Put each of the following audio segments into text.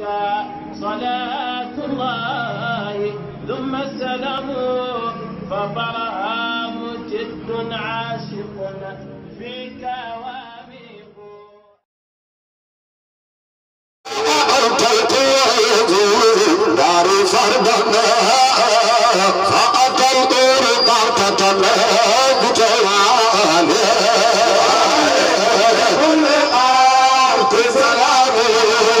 عليك صلاة الله ثم السلام فطرها مجد عاشق فيك واميق أرتلت ويدور دار فردنا فأتى الدور طرقة بجلالها كل أرض سلامه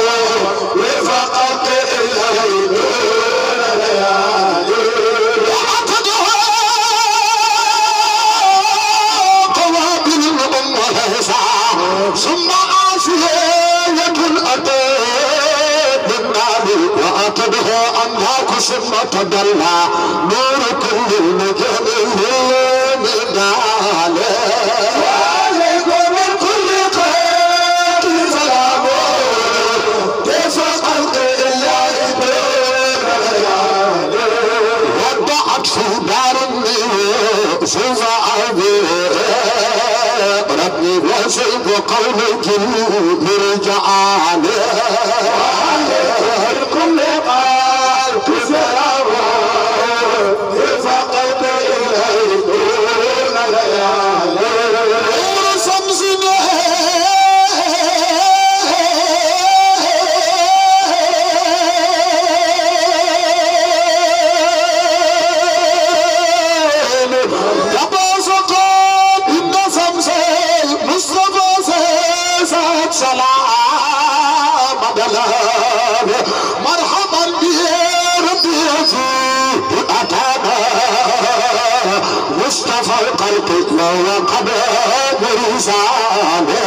الشمة دلها نور كل النجوم اليوم دعاله ربي وسيد قومك مرجعانه خلق القتل وقبل رساله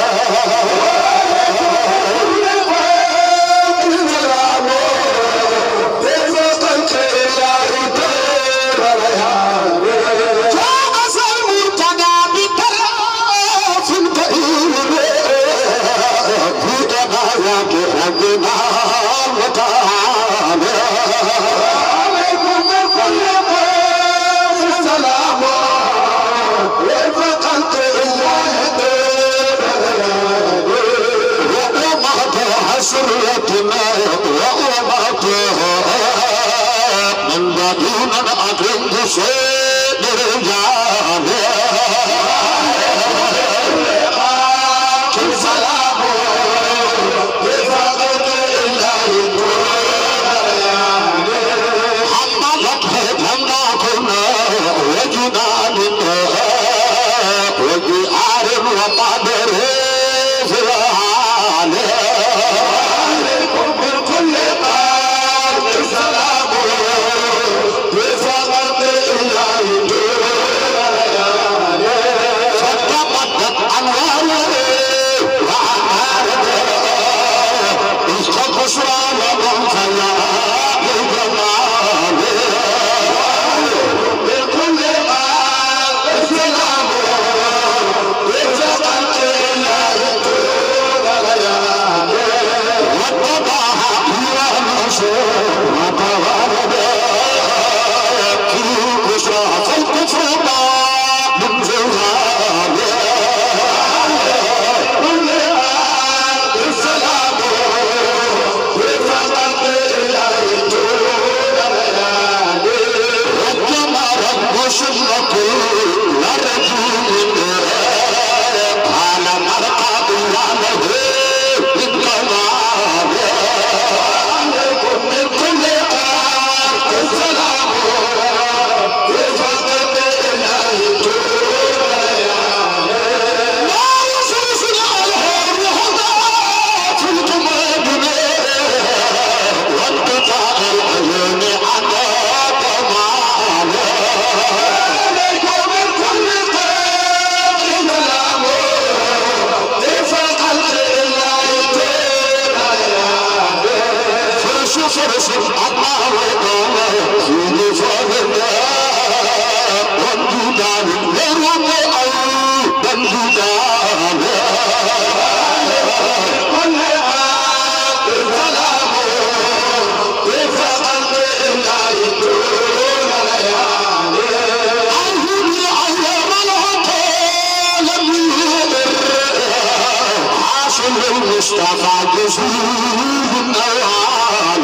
مصطفى جسمه النوال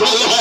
wax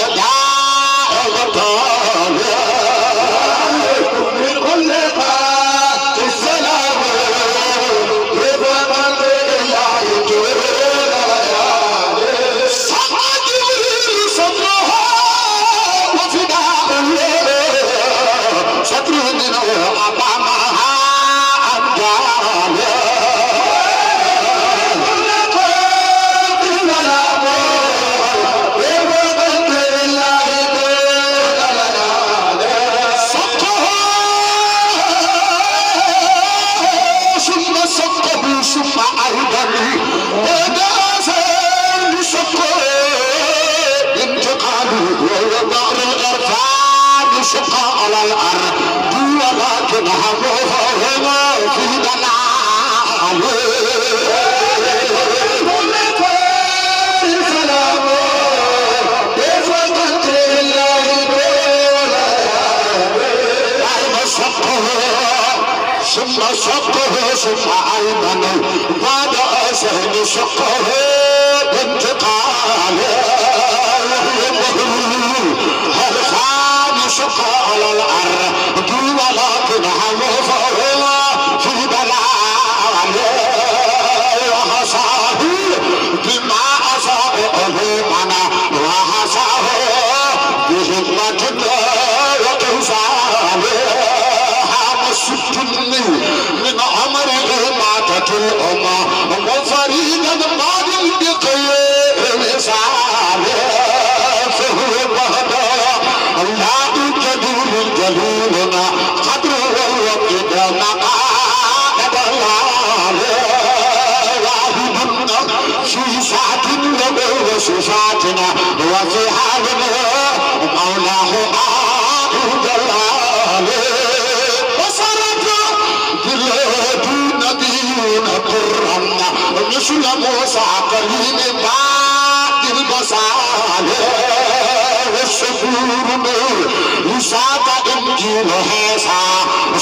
ईशा का इंजील है सा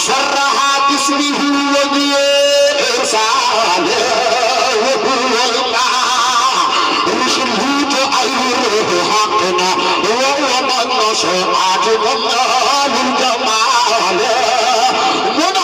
सर्रहा किसमी हुए साल ومن نشأ عجب الله الجمال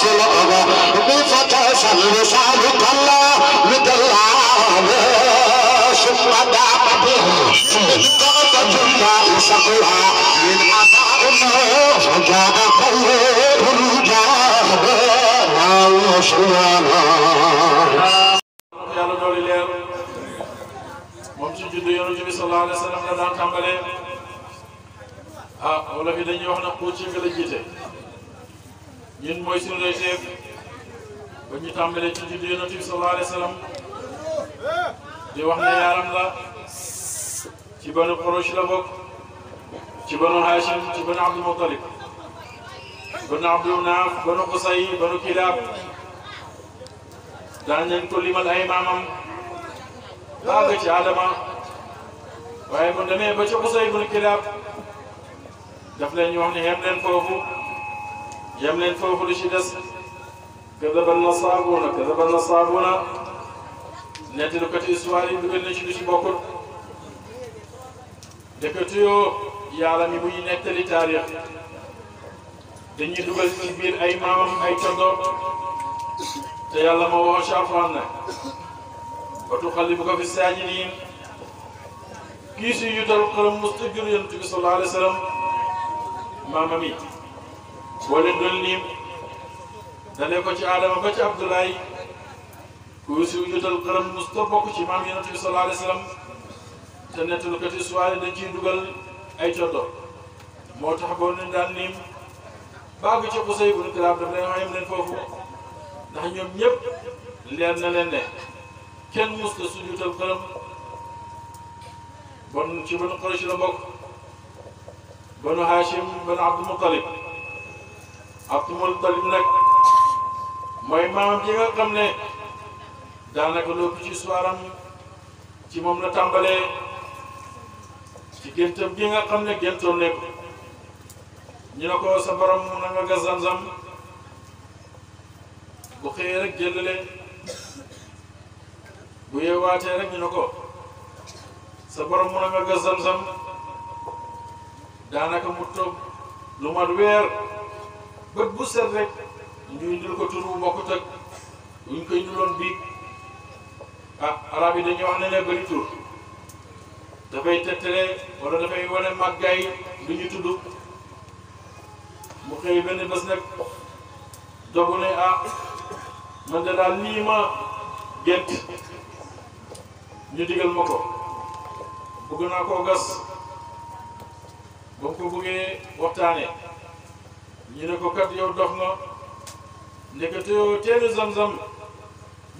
yàlla dooli leer moom ci judd yonent bi sallallahu alayhi wa sallam la daan tàmbalee ah wala fi dañuy wax na ku ci nga la jiite ñun mooy suñu réserve ba ñu tàmbalee ci julli di wax ne yaaram la ci banu Quraysh la bokk ci banu Hashim ci banu Abdul Muttalib banu Abdul Naaf banu Qusay banu Kilaab daan nañ ko limal ay maamam baaga ci Adama waaye bu demee ba Qusay banu Kilaab daf leen ñu wax ne yem leen yam leen foofu lu ci des kadaba nasaabuuna kadaba nasaabuuna nettali kat histoire yi dugal na ci lu ci bokkul dëkkatuyoo yàlla mi buy nettali taarix dañuy dugal ci biir ay maamam ay tondoom te yàlla moo waxoon ci Alxuraan ne wa fi saajidiin kii yu dal xalam mustajir yonent bi sallallahu alayhi wa sallam boo leen doon liim ko ci aadama ba ci abdoulaye ku si jotal xërëm mus ta bokk ci maam yonent bi sallallahu alayhi wa sallam te nettalkat histoire dañ ciy dugal ay coddo moo tax boo leen daan liim baagu ci Qusay ibn Kilab daf leen xayam leen foofu ndax ñoom ñëpp ne kenn mus ta sujjutal xërëm bon ci banu Quraysh la bok banu Hashim banu Abdul Abdul Muttalib nag mooy maamam ji nga xam ne daanaka loo ci soiram ci moom na tàmbalee ci géntam gi nga xam ne géntoon ne ko ñu ko sa borom na nga gas zam-zam bu xëyee rek jëlale bu yeewaatee rek ñu ne ko sa borom mun a nga gas zam-zam daanaka mu toog lu mat weer bët bu set rek ñu indil ko tur bu bokkut ak ñu ko indiloon bii ah arab yi wax ne ne bëri tur dafay tettale wala dafay wane màggaay lu ñu tudd mu xëy benn bés nag dogu ne ah man de daal lii ma gént ñu digal ma ko bëgg naa koo gas ba ko bëggee waxtaanee. ñi ne ko kat yow dox nga ndekete yoo teelu zam-zam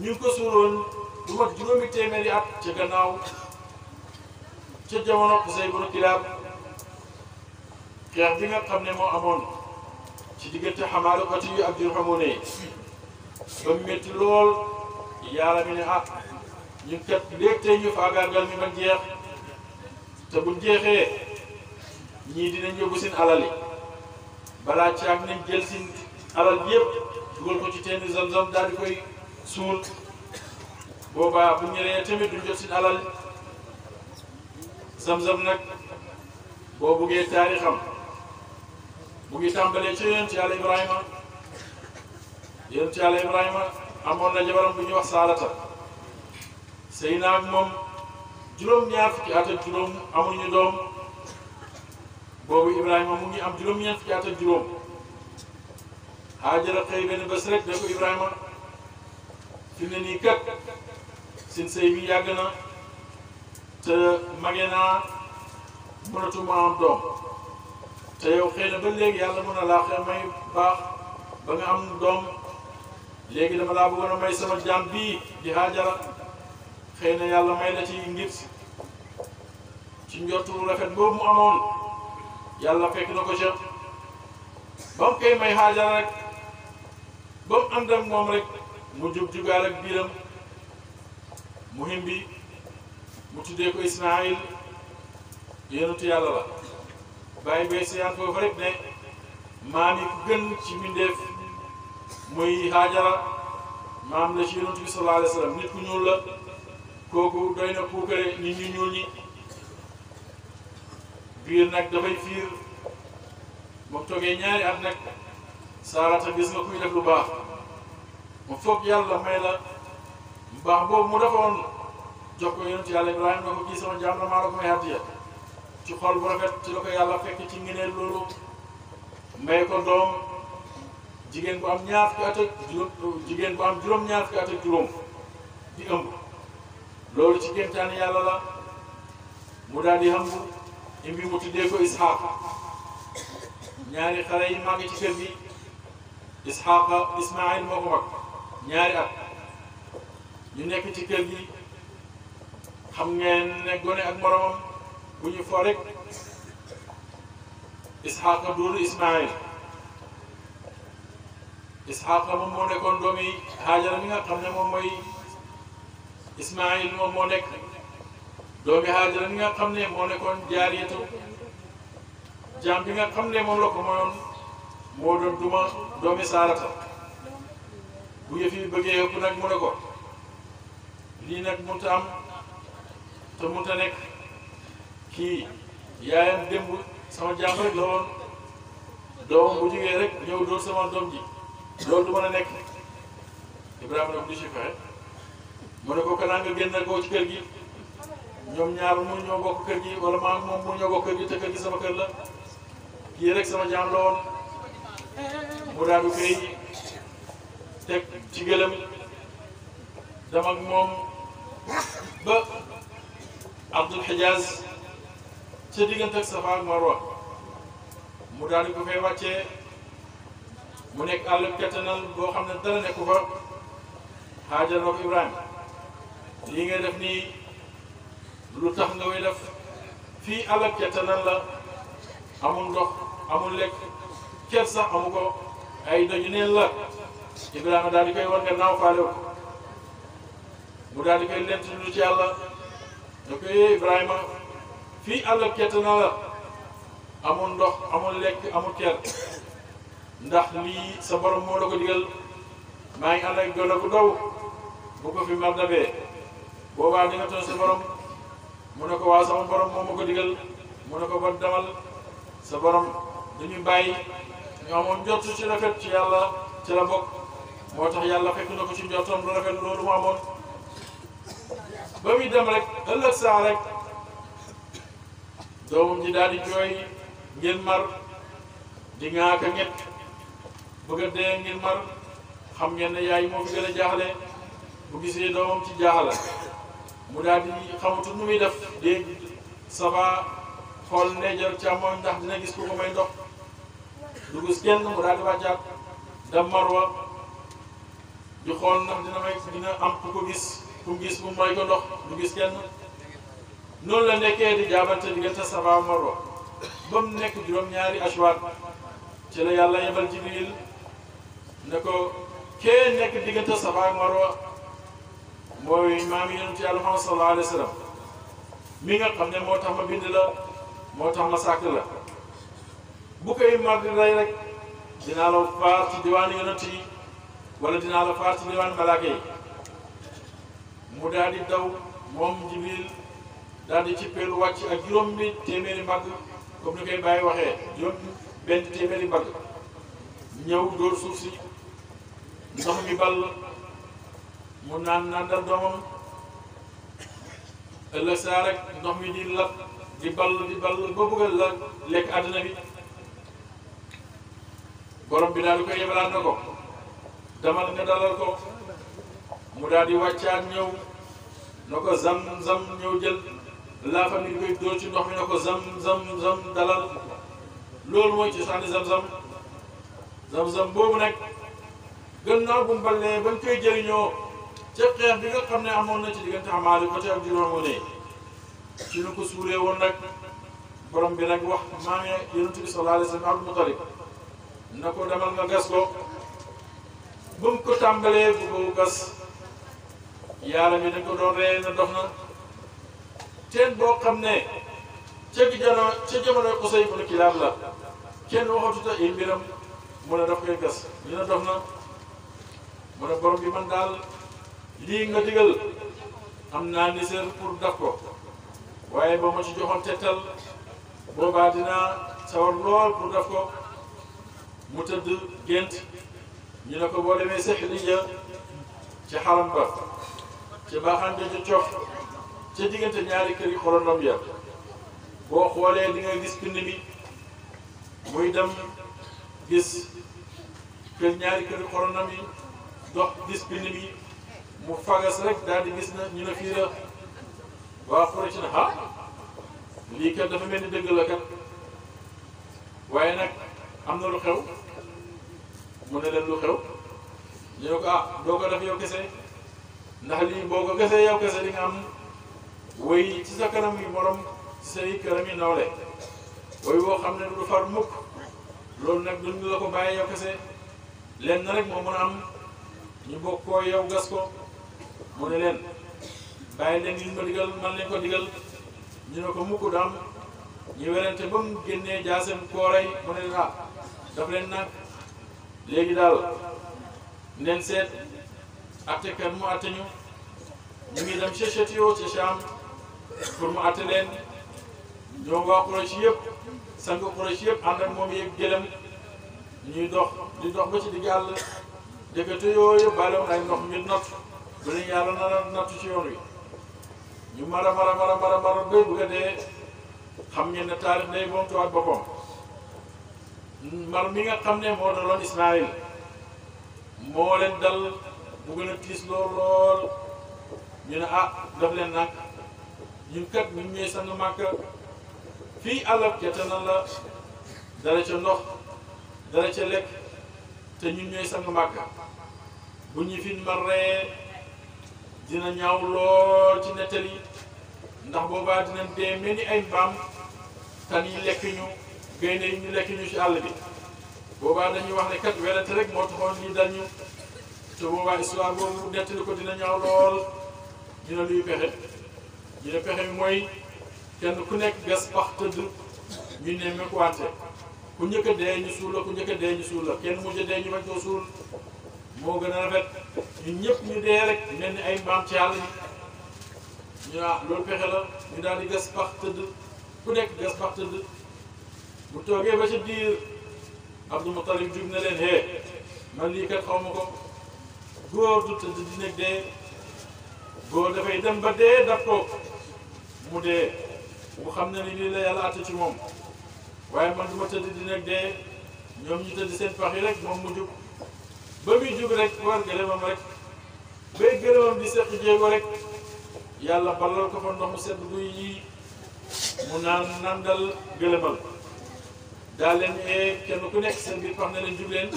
ñu ko suuroon du mat juróomi téeméeri at ca gannaaw ca jamono Qusay ibnu Kilaab xeex bi nga xam ne moo amoon ci diggante xamaaru ati yu ak jur xamoo ne ba métti lool yàlla mi ne ah ñu kat léeg tey ñu faagaagal mi man jeex te buñ jeexee ñii dinañ yóbbu seen alali balaa ci am nañ jël sin alal bi yëpp dugal ko ci teen zam-zam daal di koy suul boobaa bu ñëwee tamit duñ jot alal zam-zam nag boo buggee taarixam mu ngi tàmbalee ci yonent yàlla Ibrahima yonent yàlla Ibrahima amoon na jabaram bu ñuy wax Saalata sëy naag moom juróom-ñaar fukki at juróom amuñu doom. boobu Ibrahima mu ngi am juróom-ñeent fukki at ak juróom Haajara xëy benn bés rek ne ko Ibrahima fi mu ne nii kat seen bi yàgg na te mage naa mënatuma am doom te yow xëy na ba léegi yàlla mën a laa xëy may baax ba nga am doom léegi dama laa bëggoon a may sama jaam bii di Haajara xëy na yàlla may la ci ngir ci njortu rafet boobu mu amoon. yàlla fekk na ko ca ba mu koy may Haajara rek ba mu ànd ak moom rek mu jub jugaar ak biiram muhim bi mu tuddee ko Ismaayil yéenutu yàlla la bàyyi bay siyaan foofu rek ne maam yi ku gën ci mbindeef muy Haajara maam la ci yonent bi sallallahu alayhi wa sallam nit ku ñuul la kooku doy na puukare nit ñuul ñi fiir nag dafay fiir moom toogee ñaari at nag saarata gis nga kuy def lu baax mu foog yàlla may la baax boobu mu defoon jox ko yonent yàlla Ibrahima nga ko kii sama jaam la maa ci xol bu rafet ci la fekk ci ngeneen loolu may ko doom jigéen bu am ñaar fukki at jigéen bu am juróom-ñaar fukki at ak juróom di ëmb loolu ci kéemtaani yàlla la mu daal di ëmb di mu tuddee ko Isxaaq ñaari xale yi maa ngi ci kër gi Isxaaq Ismaayil moo ko mag ñaari at ñu nekk ci kër gi xam ngeen ne gone ak moromam bu ñu foo rek Isxaaq duuru Ismaayil Isxaaq moom moo nekkoon doomi Haajara mi nga xam ne moom mooy Ismaayil moom moo nekk. doomi Haajara mi nga xam ne moo nekkoon jaariyatu jaam bi nga xam ne moom la ko mayoon moo doon duma doomi Saarata bu yëf yi bëggee yëpp nag mu ne ko lii nag mënut a te mënut a nekk kii yaayam démb sama jaam rek la woon doomam bu jugee rek ñëw doon sama doom ji loolu du mën a nekk Ibrahima nag du ci fexe mu ne ko kanaa nga génn koo ci kër gi. ñoom ñaar mu ñoo bokk kër gi wala maa moom mu ñoo bokk kër gi te kër gi sama kër la kii rek sama jaam la woon mu daal di koy teg ci gëlëm dem ak moom ba Abdul Xijaaz ca diggante ak Safa ak Marwa mu daal di ko fay wàccee mu nekk àll kattanal boo xam ne dara nekku fa xaajal na ko Ibrahima nga def nii. lu tax nga koy def fii alal ca te la amul ndox amul lekk ker sax amuko ko ay doju neen la Ibrahima daal di koy wan nga naaw faale ko mu daal di koy lent lu ci yàlla da koy Ibrahima fii alal ca la amul ndox amul lekk amul ker ndax lii sa borom moo la ko digal maa ngi ànd ak golo gu daw bu ko fi mar dabee boobaa di nga toog sa borom. mu ne ko waaw sama borom moo ma ko digal mu ne ko ba demal sa borom dañu bàyyi ñoo moom jot la rafet ci yàlla ci la bokk moo tax yàlla fekk na ko ci njortam lu rafet loolu mu amoon ba muy dem rek ëllëg saa rek doomam ji daal di jooy ngeen mar di ŋaaka ñett bëgg a dee ngeen mar xam ngeen ne yaay moo fi gën a jaaxle bu gisee doomam ci jaaxla mu daal di xamatu nu muy def dégg safa xool ndeyjoor càmmoñ ndax dina gis ku ko may ndox du gis kenn mu daal di wàccaat dem marwa di xool ndax dina may dina am ku ko gis ku gis mu may ko ndox du gis kenn loolu la nekkee di jaabante diggante safa marwa ba mu nekk juróom-ñaari ashwaat ci la yàlla yebal jibril ne ko kee nekk diggante safa marwa mooy maam yonent yàlla Muhammad sallallahu alayhi wa nga xam ne moo tax ma bind la moo tax ma sàkk la bu koy màgg lay rek dinaa la faar ci diwaan yonent wala dinaa la faar ci diwaan malaaka mu daal di daw moom Jibril daal di ci peel wàcc ak juróom bi téeméeri mbagg comme ni koy bàyyi waxee juróom benn téeméeri mbagg ñëw dóor suuf si ndox mi ball mu naan nàndal doomam ëllëg saa rek ndox mi di lap di ball di ball ba bëgg la lekk àddina bi borom bi daal di koy yebalaat na ko demal nga dalal ko mu daal di wàccaat ñëw na ko zam zam ñëw jël laa fa mi koy dóor ci ndox mi na ko zam zam zam dalal loolu zam zam boobu nag gën naa bu mballee bañ koy jëriñoo ce xeex bi nga xam ne amoon na ci diggante xamaali côté ak juróomu ne ci nu ko suuree woon nag borom bi nag wax maa ngi yonent bi sallallahu alayhi wa sallam Abdul Mutalib na ko demal nga gas ko ba ko tàmbalee bu ko gas yaara bi dañ ko doon ree na dox na teen boo xam ne ca jamono ca jamono Qusay ibn Kilaab la kenn waxatuta ay mbiram mu ne daf koy gas ñu ne dox na mu ne bi man daal lii nga digal am naa nisër pour def ko waaye ba ma ci joxoon tettal boobaa dinaa sawar lool pour def ko mu tëdd gént ñu ne ko boo demee sa xilija ci xaram ba ci baaxaan ja ci cof ca diggante ñaari kër yi xorondom ya boo xoolee di nga gis pind bi muy dem gis kër ñaari kër yi xorondom yi dox gis pind bi mu fagas rek daal di gis na ñu ne fii la waa Quraysh na ah, lii kat dafa mel ni dëgg la kat waaye nag am na lu xew mu ne leen lu xew ñu ne ko ah doo ko def yow kese ndax lii boo ko gesee yow kese li nga am woy ci sa kanam yi morom ci say kanam yi nawle woy boo xam ne du far mukk loolu nag duñ la ko bàyyi yow kese lenn rek moo mën a am ñu bokk koo yow gas ko mu ne leen bàyyi leen ñu ko digal man leen ko digal ñu ne ko mukk daam ñu werante ba mu génnee jaasem kooray mu ne leen ah, daf leen nag léegi daal leen seet attekat mu atte ñu ñu ngi dem céchet yoo ci Sham pour mu atte leen ñoom waa Quraysh yëpp sang Quraysh yëpp ànd ak moom yëpp gëlëm ñuy dox di dox ba ci digg àll dëkkate yooyu bàyyi woon ay ndox mi not bu leen yàlla nara nattu ci yoon wi ñu mara mara mara mara mara boo a dee xam ngeen ne taarix day moom tuwaat boppam mar mi nga xam ne moo daloon Israël moo leen dal bu gën a tiis lool lool ñu ne ah daf leen nag ñun kat ñu ñëwee sang màkk fii àllab jota nan la dara ca ndox dara ca lekk te ñun ñooy sang màkk bu ñu fi mar ree dina ñaaw lool ci nettali ndax boobaa dinañ dee mel ni ay mbaam tan yi lekk ñu gaynde yi ñu lekk ñu ci àll bi boobaa dañuy wax ne kat werante rek moo taxoon lii dal ñu te boobaa histoire boobu nettali ko dina ñaaw lool ñu luy pexe ñu ne mooy kenn ku nekk gas pax tëdd ñu ne mekuwaante ku njëkk a dee ñu suul la njëkk a ñu suul la kenn mujj dee ñu bañ koo suul moo gën a rafet ñun ñëpp ñu dee rek mel ni ay mbaam ci yàlla ñu ah loolu pexe la ñu daal di gas pax tëdd ku nekk gas pax tëdd bu toogee ba ca diir Abdou Moutalib jug na leen hee man lii kat xaw ma ko góor du tëdd di nekk dee góor dafay dem ba dee daf ko mu dee mu xam ne ni lii la yàlla àtte ci moom waaye man du ma tëdd di nekk dee ñoom ñu tëdd seen pax yi rek moom mu jug ba muy jub rek war gëlëmam rek bay gëlëmam di seq jéego rek yàlla balal ko fa ndox mu sedd guy mu naan nandal gëlëmal daa leen ee kenn ku nekk seen biir pax ne leen jub leen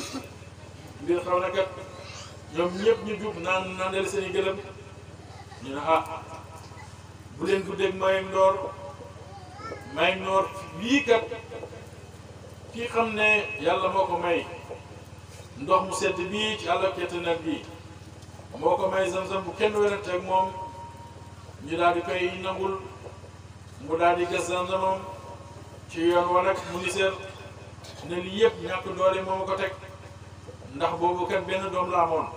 mbir xaw na kat ñoom ñëpp ñu jub naan nandal seen i gëlëm ñu ne ah bu leen guddeeg mayam ndoor mayam ndoor yii kat kii xam ne yàlla moo ko may ndox mu sedd bii ci àll kettanal bii moo ko may zam-zam bu kenn werante ak moom ñu daal di koy nangul mu daal di gas zam ci yoon wa nag mu ni seet ne lii yëpp ñàkk doole moo ma ko teg ndax boobu kat benn doom la amoon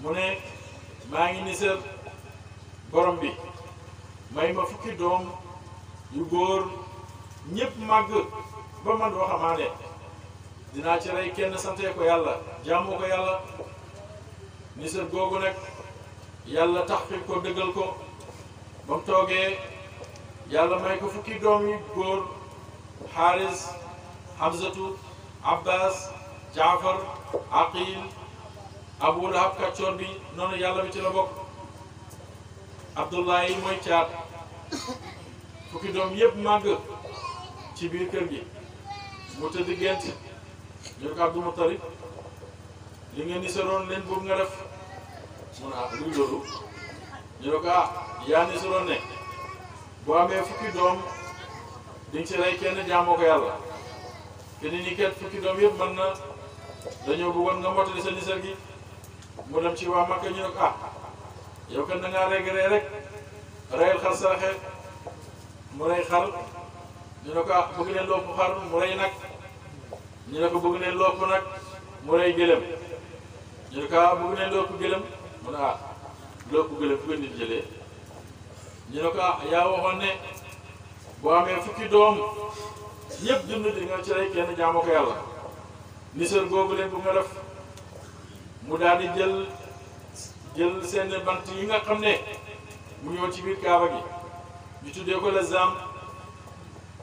mu ne maa ngi ni seet borom bi may ma fukki doom yu góor ñëpp màgg ba man waxamaane dinaa ci rey kenn santee ko yàlla jàmm ko yàlla nisab googu nag yàlla tax fi ko dëggal ko ba mu toogee yàlla may ko fukki doom yi góor xaaris hamzatu abbas jaafar aqil abu lahab kaccoor bi noonu yàlla bi ci la bokk abdullah yi mooy caat fukki doom yépp màgg ci biir kër gi mu tëdd gént yow ko Abdul Muttalib li ngeen di soroon leen boobu nga def mu ne ah luy loolu ñu ne ko ah yaa ni soroon ne boo amee fukki doom di nga si rey kenn jaamoo ko yàlla te nit ñi kat fukki doom yëpp mën na dañoo bëggoon nga mottali sa nisar gi mu dem ci waa Makka ñu ne ko ah yow kat da ngaa regree rek reyal xar saraxe mu rey xar ñu ne ko ah bëgg leen loo xar mu rey nag. ñu ne ko bëgg ne lopp nag mu rey gëlëm ñu ne ko ah ne lopp gëlëm mu ne ah lopp gëlëm nit jëlee ñu ne ko ah yaa waxoon ne boo amee fukki doom ñëpp dund di nga ci kenn jaamu ko yàlla nisër boobu leen bu nga def mu daal jël jël seen bant yi nga xam ne mu ñëw ci biir kaaba gi ñu tuddee ko la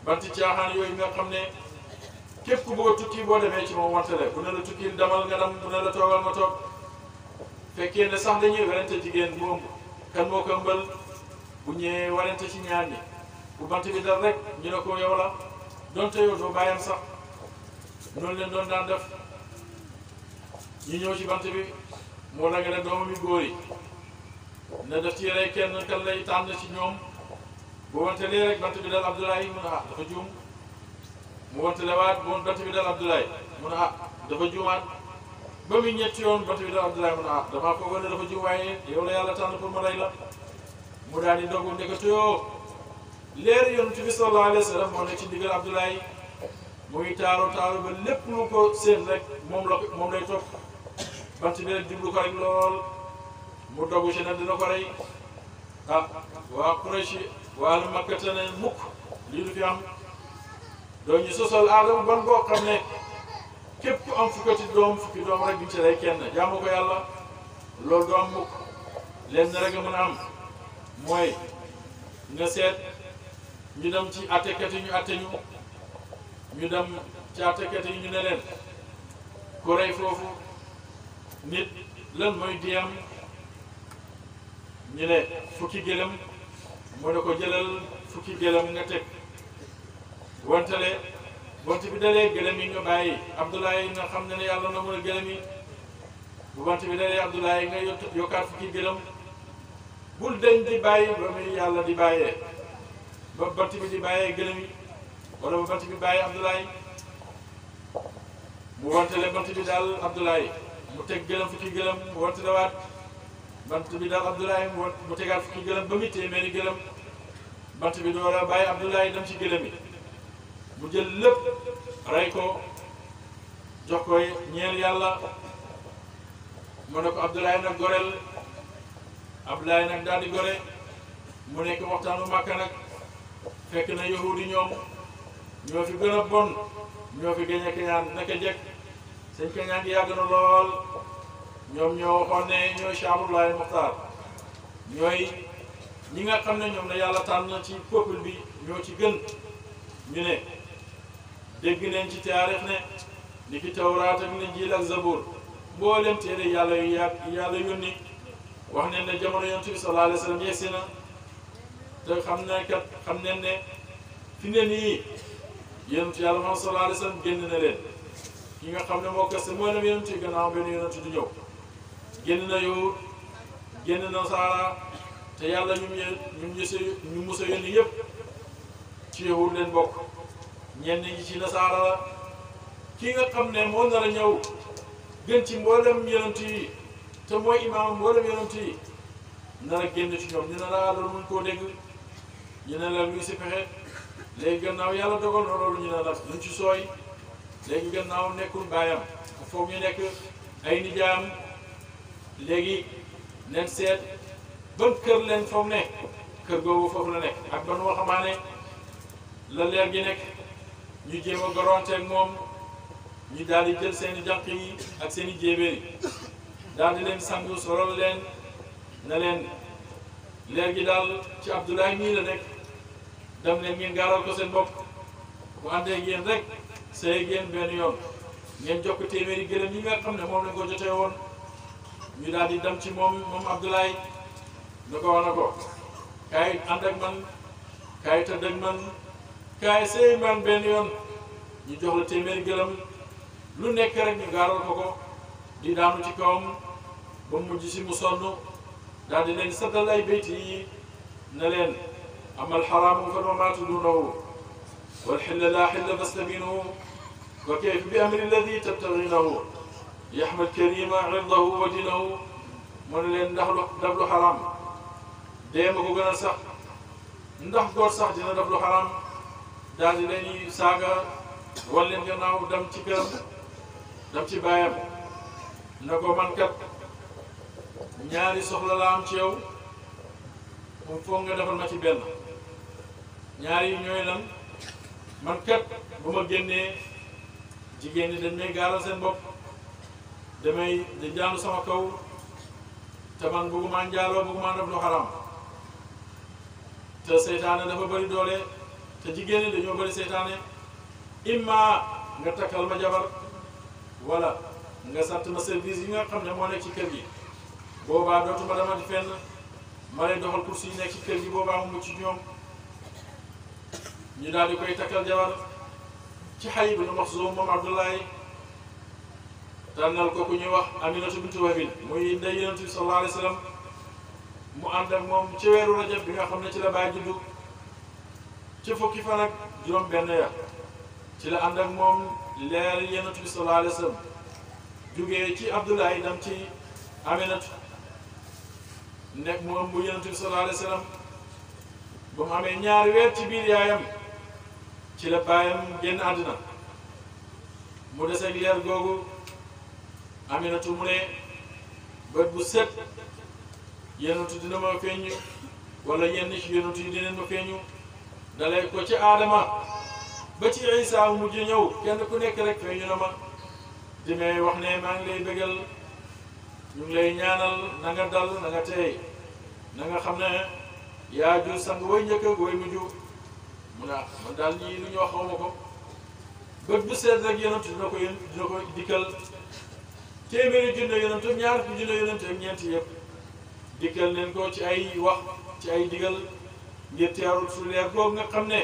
bant caaxaan yooyu nga xam ne képp ku bëgg a tukki boo demee ci moom wante la bu ne la tukkil demal nga dem bu ne la toogal ma toog fekkee ne sax dañuy werante jigéen moom kan moo ko ëmbal bu ñëwee werante ci ñaar bu bant bi dal rek ñu ne ko yow la donte yow doo bàyyam sax noonu leen doon daan def ñu ñëw ci bant bi moo la nga ne doomam yu góor ne def ci kenn kan lay tànn ci ñoom bu wante lii bant bi dal Abdoulaye mën a ah mu wontelewaat moom bant bi dal Abdoulaye mu ne ah, dafa juumaat ba muy ñetti yoon bant bi dal Abdoulaye mu ne ah damaa ko dafa juum yow la yàlla tànn pour ma rey la mu daal di ndogu ndeketewoo leer yonent bi sallallahu alayhi wa sallam moo moom la ko topp bant bi rek jublu ko rek lool mu dogu ci ne dina ko rey ah waa Quraysh waa Makka ne mukk lii du fi am. doo ñu sosol aadama bon boo xam ne képp ku am fukkati doom fukki doom rek di ci rey kenn jaamu ko yàlla loolu du am mukk leen rek a mën a am mooy nga seet ñu dem ci àttekat yi ñu àtte ñu ñu dem ci àttekat yi ñu ne leen ko rey foofu nit lan mooy diyam ñu ne fukki gëlëm mu ne ko jëlal fukki gëlëm nga teg wontale bont bi dalee gëlëm yi nga bàyyi Abdoulaye nga yàlla na mën a yi bu bont bi dalee Abdoulaye di bàyyi yàlla di bàyyee ba bant bi di bàyyee gëlëm yi wala ba bant bi bàyyi Abdoulaye mu wontale bant bi daal Abdoulaye mu teg gëlëm fukki gëlëm mu wontale waat bant bi daal Abdoulaye mu tegaat fukki ba muy téeméeri gëlëm bant bi door a bàyyi Abdoulaye dem ci gëlëm yi mu jël lépp rey ko jox koy ñeel yàlla mu ne ko Abdoulaye nag goreel Abdoulaye nag daal di gore mu nekk waxtaanu Màkka nag fekk na yahudi ñoom ñoo fi gën a bon ñoo fi gën a jekk sëñ kañaan gi yàgg na lool ñoom ñoo waxoon ne ñooy Chaabullahi Muxtaar ñooy ñi nga xam ne ñoom na yàlla tànn ci peuple bi ñoo ci gën ñu ne dégg leen ci taarix ne li fi tawraat ak Injiil ak Zabuur mboolem téere yàlla yu yàgg yàlla yónni wax ne ne jamono yonent bi sallallahu alayhi wa sallam yegsi na te xam ne xam ne ne fi ne nii yonent yàlla moom sallallahu alayhi génn na leen ki nga xam ne moo kese moo dem yonent yi gannaaw benn du ñëw génn na yow génn na saara te yàlla ñu ñu ñu musa yónni yëpp ci yowul leen bokk ñenn ñi ci nasaara la ki nga xam ne moo nar a ñëw gën ci mboolem yonent yi te mooy imaam mboolem yonent yi nar a ci ñoom ñu ne laa loolu mun koo dégg ñu ne la luy si pexe léegi gannaaw yàlla dogal na ñu ne la luñ ci sooy léegi gannaaw nekkul baayam foog ñu nekk ay nijaam léegi nen seet ban kër leen foog ne kër googu foofu la nekk ak ban waxamaane la leer gi nekk ñu jéem a moom ñu daal di jël seeni i jànq yi ak seen i jéebee daal di leen sangu solol leen na leen leer gi daal ci Abdoulaye mii la nekk dam leen ngeen gaaral ko seen bopp bu àndee yéen rek say yéen benn yoon ngeen jokk téeméeri gërëm yi ko jotee woon ñu daal di dem ci moom moom Abdoulaye na ko wax na ko kaay ànd ak man kaay tëdd man. kaay sëy mbaan benn yoon ñu jox la téeméeri lu nekk rek ñu gaaral ko ko di daanu ci kawam ba mujj mu sonn daal di leen saddal ay béyti yi ne leen amal xaraamu fa ma maatu duunahu wal xilla laa xilla fastabinuhu wa kayfa bi amri alladi tabtaxinahu wa dinahu leen ndax lu daf lu xaraam dee sax ndax góor sax dina daf lu xaraam daal di leen saaga wal leen gannaaw dem ci kër dem ci bàyyam na ko ñaari soxla la am ci yow moom foog nga defal ma ci benn ñaari ñooy lan man bu ma génnee jigéen ñi dañ may gaaral seen bopp damay di jaanu sama kaw te man bëgguma njaaloo bëgguma def lu xaram te seytaane dafa bëri doole. te jigéen ñi dañoo bëri seytaane imma nga takkal ma jabar wala nga sant ma service yi nga xam ne moo nekk ci kër yi boobaa dootuma dama di fenn ma lay doxal course yi nekk ci kër gi boobaa mu ci ñoom ñu daal yi koy takkal jabar ci xay bi nu Maxzum moom Abdullahi tànnal ko ku ñuy wax Aminatu bintu Wahbin muy ndey Yonent bi sallallahu mu ànd ak moom ci weeru rajab bi nga xam ne ci la bàyyi juddu ci fukki fan ak juróom-benn ya ci la ànd ak moom leer yenent bi sallallahu alayhi wasallam jugee ci Abdoulaye dem ci Aminat nekk mu ëmb yenent bi sallallahu alayhi wasallam ba amee ñaari weer ci biir yaayam ci la baayam genn àddina mu deseeg leer googu Aminatu mu ne bët bu set yenentu dina ma feeñu wala yenn ci yi dinañ ma feeñu dalee ko ci aadama ba ci Isa mujj ñëw kenn ku nekk rek fay ñu ne ma di wax ne maa ngi lay bëggal ñu ngi lay ñaanal na nga dal na nga tey na xam ne yaa jur sang way njëkk ak way mujj mu ne ah, man daal ñii lu ñu wax xaw ma ko bët bu seet rek yonent dina ko yén dina ko dikkal téeméeri junne ñaar fi junne yonent ak ñeent yëpp dikkal leen ko ci ay wax ci ay digal ñetteelu su leer googu nga xam ne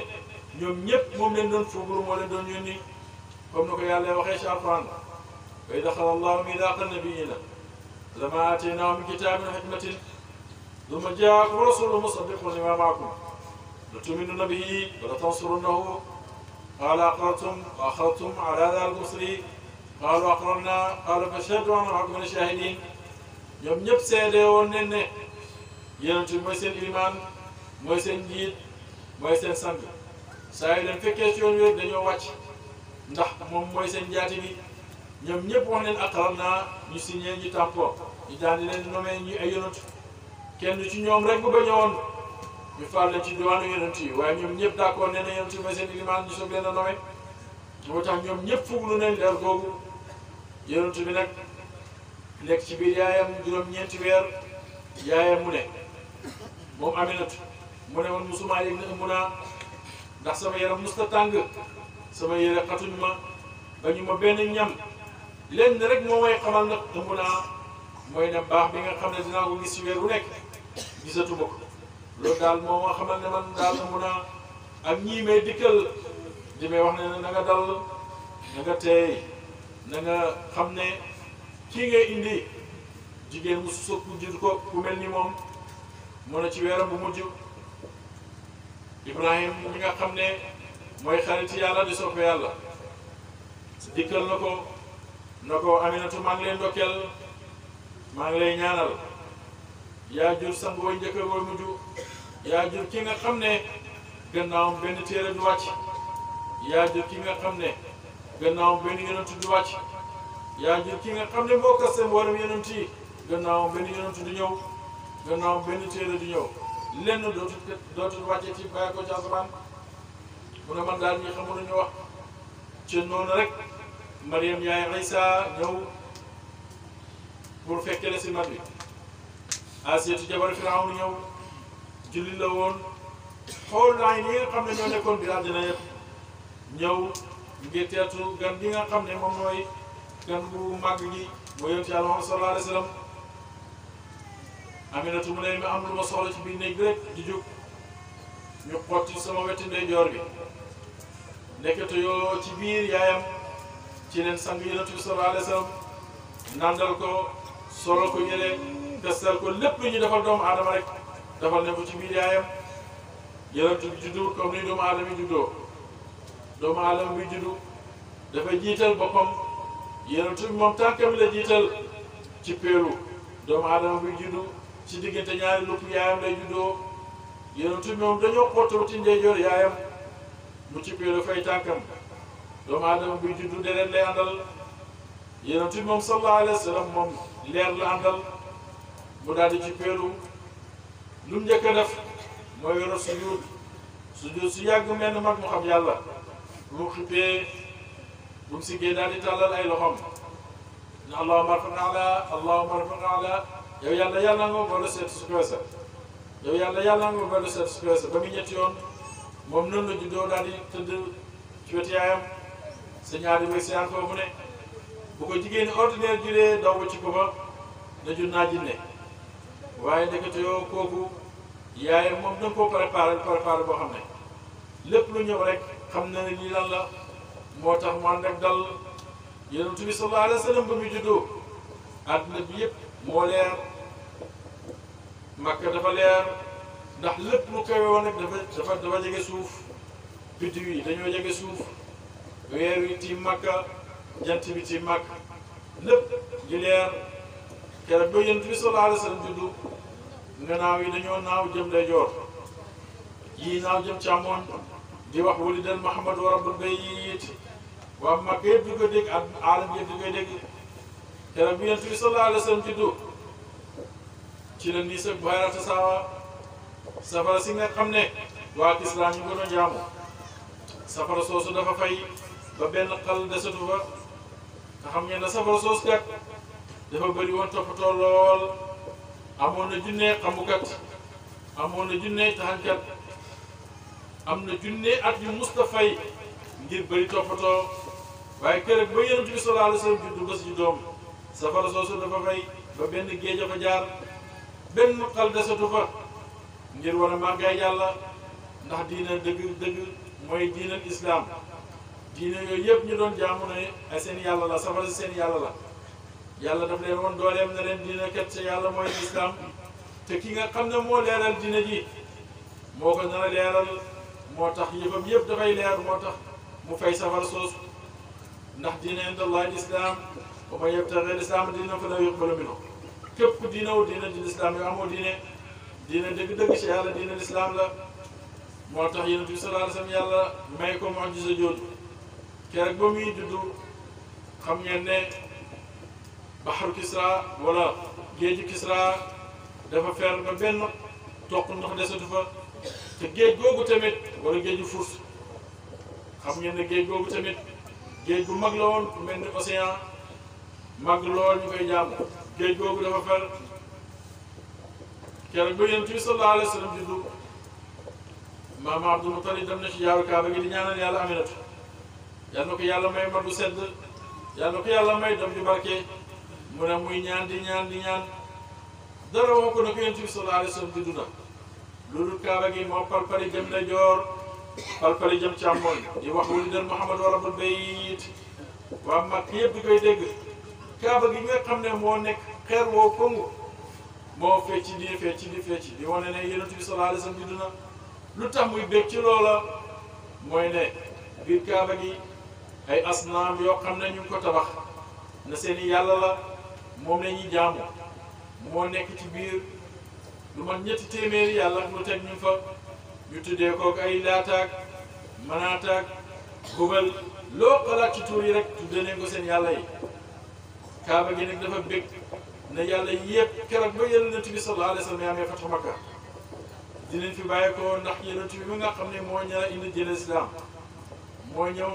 ñoom ñëpp moom leen doon fóogaru moo leen doon yónni comme ni ko yàlla waxee ci alquran wa id axada allahu midaaqa nabiyina lama aataynahu min kitaabin wa hikmatin summa jaakum rasulun musaddiqun lima maakum latu'minnunna bihi wa latansurunnahu qaala aqrartum wa axadtum ala dhaalika isri qaalu aqrarnaa qaala fashhadu wa ana ma'akum mina shaahidiin ñoom ñëpp seede woon ne ne yéen a tudd iman mooy seen njiit mooy seen sang saa yi leen fekkee si yoon yooyu dañoo wàcc ndax moom mooy seen jaati bi ñoom ñëpp wax leen aqaral naa ñu signé ñu tàmpoo ñu daan di leen nommé ñu ay yonent kenn ci ñoom rek bu bañoon ñu faal ci ci diwaanu yonent yi waaye ñoom ñëpp d'accord nee na yonent mooy seen ilimaan ñu soog leen a nommé moo tax ñoom ñëpp fuglu nañ leer googu yonent bi nag nekk ci biir yaayam juróom-ñeenti weer yaayam mu ne moom aminatu mu ne man musuma yëg ne ëmb naa ndax sama yaram musta tàng sama yére xatuñ ma ba ñu ma benn ñam lenn rek moo may xamal nag ëmb naa mooy ne baax bi nga xam ne dinaa ko gis ci weer bu nekk gisatuma ko loolu daal moo ma xamal ne man daal ëmb naa ak ñii may dikkal di may wax ne na nga dal na nga teey na nga xam ne kii ngay indi jigéen mu sukk jur ko ku mel ni moom mu ne ci weeram bu mujj Ibrahim mi nga xam ne mooy xariti yàlla di soppe yàlla dikkal na ko na ko Aminatu maa ngi lay ndokkeel maa ngi lay ñaanal yaa jur sang booy njëkk booy mujj yaa xam ne gannaawam benn téere du yaa jur kii nga xam ne gannaawam benn yonent du wàcc yaa jur ki nga xam ne moo kase mboolem yonent yi gannaawam benn yonent du ñëw gannaawam benn téere du ñëw lenn dootul kët dootul wàcce ci bàyyi ko ci asamaan mu ne man daal ñi xamul ñu wax ci noonu rek Mariam yaay Isa ñëw pour fekke la si mat bi Asiyatu jabar Firawna ñëw julli la woon xool naa nga xam ne ñoo nekkoon biir àddina yëpp ñëw ngir teertu gan gi nga xam ne moom mooy gan bu màgg gi mooy yonent Yàlla sallallahu alayhi wa sallam Aminatu mu ne ma am lu ma soxla ci biir néeg bi rek di jóg ñu xotti sama wetu ndeyjoor bi ndekete yoo ci biir yaayam ci leen sang Yonent bi sallallahu alayhi nandal ko solo ko yële gasal ko lépp ñu defal doomu aadama rek defal ne ko ci biir yaayam Yonent bi juddu comme ni doomu aadama yi bi juddu dafa jiital boppam Yonent bi moom tànkam la jiital ci péeru doomu aadama bi juddu. ci diggante ñaari lupp yaayam lay juddoo yonent bi moom dañoo xottoo ci ndeyjoor yaayam mu ci biir fay tànkam doomu aadama buy juddu deret lay àndal yonent bi moom sallallahu alayhi wa sallam moom leer la àndal mu daal ci peelu lu mu njëkk def mooy yoro sujud sujud su yàgg menn mag mu xam yàlla bu mu xippee bu mu siggee daal di tàllal ay loxoom ne allahumma arfaq ala allahumma arfaq ala yow yàlla yàlla nga boole seet su koy yow yàlla yàlla nga boole seet su koy sa ba mu ñetti yoon moom noonu la juddoo daal di tëdd ci yaayam sa ñaari wegsiaan foofu ne bu ko jigéeni ordinaire juree daw ci ko ba na jur naa jinne waaye ndekete yoo kooku yaayam moom da nga koo préparé boo xam ne lépp lu ñëw rek xam na ne lii lan la moo tax mu ànd ak dal yonent bi sallallahu alayhi wa sallam ba juddoo àdduna bi yëpp moo leer màkka dafa leer ndax lépp lu kawe woon rek dafa dafa dafa jege suuf biddiw yi dañoo jege suuf weer wi tiim màkka jant bi tiim màkk lépp di leer keroog ba yent bi sallallahu alayhi wa sallam nga naaw yi dañoo naaw jëm day joor yii naaw jëm càmmoon di wax wali den Muhammad wa rabbul bay yii it waa màkk yëpp di ko dégg ak aalam yëpp di koy dégg keroog bi yonent bi sallallahu alayhi wa sallam juddu ci la nii sa bayrata saawa safara si nga xam ne waa islam ñu gën a jaamu safara soosu dafa fay ba benn xal desatu fa nga xam ngeen ne safara soosu kat dafa bëri woon toppatoo lool amoon na junne xamukat amoon na junne taxankat am na junne at yu mustafa yi ngir bëri toppatoo waaye keroog ba yonent bi sallallahu juddu ba si doom safara soosu dafa fay ba benn géej a fa jaar benn xal desatu fa ngir war a màggaay yàlla ndax diina dëgg dëgg mooy diinal islaam diina yooyu yëpp ñu doon jaamu ne ay seen yàlla la safara si seen yàlla la yàlla daf leen woon dooleem ne leen diina kat sa yàlla mooy islaam te ki nga xam ne moo leeral diina ji moo ko nar a leeral moo tax yëfam yëpp dafay leer moo tax mu fay safara soosu ndax diina indallahi islaam ba ma yebta rek lislaam dina fa la yuqbalu minhu képp diine wu diine di amoo diine diine dëgg-dëgg si yàlla diine lislaam la moo tax yonent bi sallallahu alayhi wa sallam yàlla may ko mucjisa jooju keroog ba muy juddu xam ngeen ne baxaru Kisra wala géeju Kisra dafa fer ba benn toq ndox desatu fa te géej googu tamit wala géeju Furs xam ngeen ne géej googu tamit géej gu mag la woon mel ni océan mag lool ñu koy jàmm géej googu dafa fer keroog ba yonent bi sallallahu alayhi wa sallam juddu maam Abdul Mutalib dem na ci yaaru Kaaba gi di ñaanal yàlla Aminata yàlla may mag bu sedd yàlla may dem di barke mu ne muy ñaan di ñaan di ñaan dara woo ko ne ko yonent bi sallallahu alayhi wa sallam lu dul Kaaba gi moo parpari jëm la joor parpari jëm càmmoñ di wax wuli den Muhammad wa rabbul bayt waa mag yëpp di koy dégg kaaba gi nga xam ne moo nekk xeer woo kongo moo fecc di fecc di fecc di wane ne yonent bi sallallahu alayhi na lu tax muy bég ci loola mooy ne biir kaaba gi ay asnaam yoo xam ne ñu ngi ko tabax na seeni yàlla la moom la ñuy jaamu moo nekk ci biir lu man ñetti téeméeri yàlla lu teg ñu fa ñu tuddee kook ay laataak manaataak gubal loo xalaat ci tuur yi rek tuddee nañ ko seen yàlla yi kaaba gi nag dafa bég ne yàlla yëpp keroog ba yonent bi sallallahu alayhi wa sallam yaamee fatax makka dinañ fi bàyyi ko ndax yonent bi mu nga xam ne moo ñaa indi diine islam moo ñëw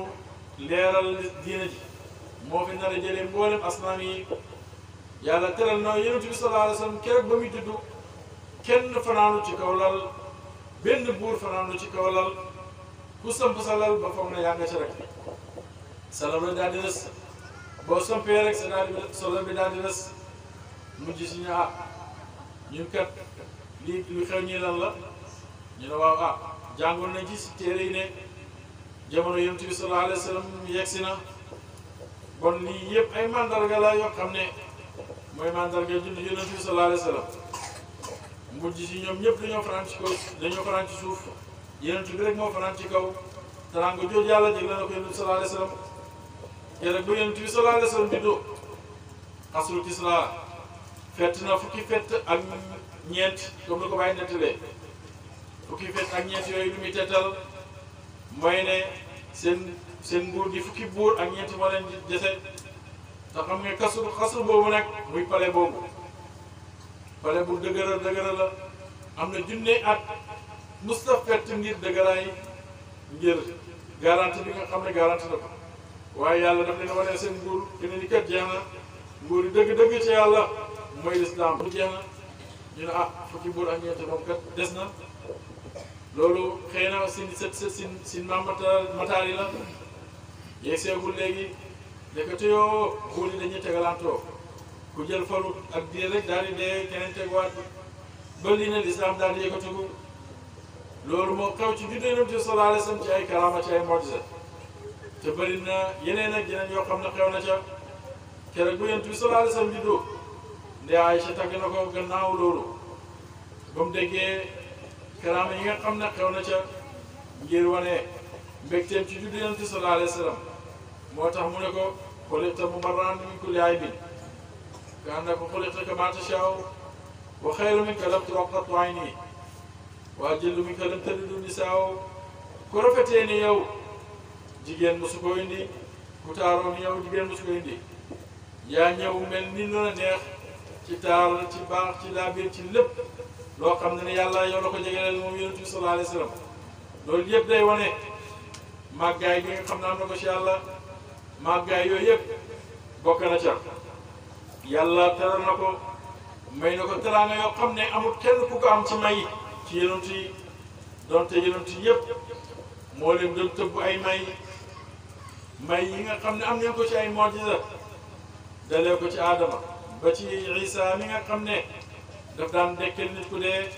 leeral diine ji moo fi nar a jëlee mboolem asnaam yi yàlla teral na yonent bi sallallahu alayhi wa sallam keroog ba muy juddu kenn fanaanu ci kaw lal benn buur fanaanu ci kaw ku samp sa ba foog na yaa nga ci rek la daal di boo soppee rek sa daal di solo bi daal di des mujj si ñu ah, kat lii lu xew ñi lan la ñu ne waaw ah jàngoon nañ ci si téere yi ne jamono yonent bi sallallahu alayhi wa sallam yegsi na bon yëpp ay mandarga la yoo xam ne mooy mandarga si ñoom ñëpp dañoo fanaan ci kaw dañoo fanaan ci suuf yonent bi rek moo fanaan ci kaw teraanga jooju yàlla jëg la na ko yonent bi sallallahu alayhi wa sallam nee na bu yonent bi sallallahu alayhi wa sallam juddoo asru kisra na fukki fett ak ñeent comme ni ko yooyu lu mooy ne seen seen nguur gi fukki buur ak ñeent moo leen dese te xam nga kasru xasru boobu nag muy pale boobu pale bu dëgëra dëgëra la am na junne at musta fett ngir dëgëraay ngir garanti bi nga xam ne garanti na waaye yàlla daf leen wanee seen nguur gëne ni kat jeex na nguur yi dëgg-dëgg ci yàlla mooy lislaam bu jeex na ah, fukki buur ak ñeent moom des na loolu xëy na sin set sin sin maam mataar yi la yeeg seegul léegi ndekete yoo buur yi dañuy tegalantoo ku jël faru ak diir rek daal di dee keneen teguwaat ba lii ne lislaam daal yëkkatiku loolu moo xew ci judde yonent bi sallallahu alayhi wa ci ay karaama ci ay mu'jiza te na yeneen ak yeneen yoo xam ne xew na ca keroog bu yonent bi sallallahu alayhi wasallam juddoo ndey Aysa tagg na ko gannaaw loolu ba mu déggee karaama yi nga xam ne ca ngir wane mbégteem ci juddu yonent bi sallallahu alayhi wasallam moo tax mu ne ko xuliqta mubarran min kulli aybin ka annaka xuliqta kamaa tashaa'u wa xayru minka lam turaqqa 'ayni wa ajallu minka lam talidhu nisaa'u ko rafetee ni yow jigéen su ko indi ku taaroon yow jigéen mosu ko indi yaa ñëw mel ni na a neex ci taar ci baax ci laabiir ci lépp loo xam ne ne yàlla yow la ko jegeleel moom yonent bi sallallahu loolu yëpp day wane màggaay gi xam ne na ko ci yàlla màggaay yooyu yëpp bokk na ca yàlla teral na ko may na ko teraanga yoo xam ne amul kenn ku ko am ci may ci yonent yi donte yonent yi yëpp moo leen doon tëbb ay may may yi nga xam ne am nañ ko ci ay mojisa dalee ko ci aadama ba ci isa mi nga xam ne daf daan dekkil nit ku dee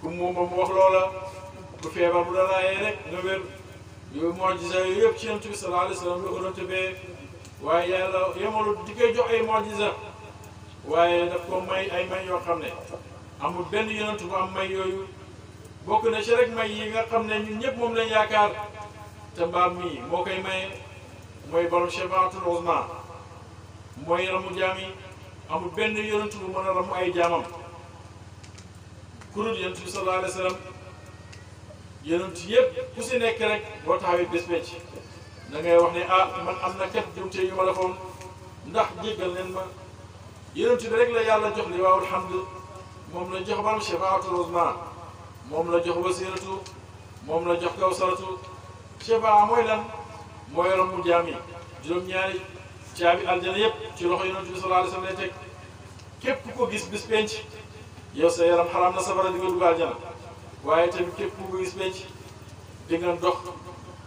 ku moom mu wax loola ku feebar bu la laayee rek nga wér yooyu mojisa yooyu yëpp ci yonent bi sallallahu alayhi wa sallam ko doon tëbee waaye yàlla yemalu di koy jox ay mojisa waaye daf ko may ay may yoo xam ne amul benn yonent bu am may yooyu bokk na ci rek may yi nga xam ne ñun ñëpp moom lañ yaakaar te mu mii moo koy maye mooy borom shafaatul uzma mooy ramu jaam yi amul benn yonent bu mën a ramu ay jaamam kurul yonent bi sallallahu alayhi wa sallam yonent yëpp ku si nekk rek boo taxawee bés penc da ngay wax ne ah man am na kat jumte yu ma defoon ndax jéggal leen ma yonent bi rek la yàlla jox li waawul hamd moom la jox borom shafaatul uzma moom la jox wasiratu moom la jox kawsaratu shafaa mooy lan mooy rombu jaam yi juróom-ñaari caabi aljana ci loxo yonent bi sallallahu alayhi wa sallam lay teg képp ko gis bis penc yow na safara di nga aljana waaye tamit képp ko gis penc dox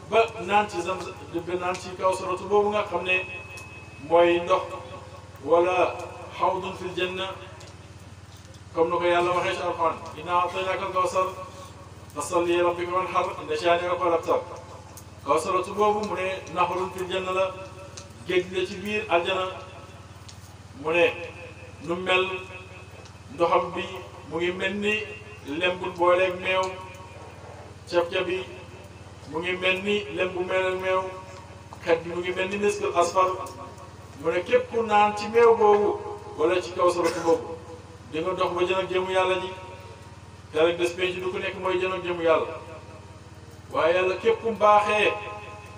ba naan ci zam ba naan ci kaw soratu boobu nga xam ne mooy ndox wala xawdun fil janna comme na ko yàlla waxee ci alxuraan innaa a'taynaaka al-kawsar fasalli li rabbika wanhar inna shaani'aka huwa al kawsaratu boobu mu ne naxarun fil janna la géej la ci biir aljana mu ne nu mel ndoxam bi mu ngi mel ni lem bu bi mu mel ni lem bu meelal meew xet bi mu ngi mel ni miskul asfar mu ne képp ku naan ci meew boobu wala ci kawsaratu boobu di nga dox ba jën ak jëmu yàlla ji te rek des penc du ko nekk mooy jën ak jëmu yàlla waaye yàlla képp ku baaxee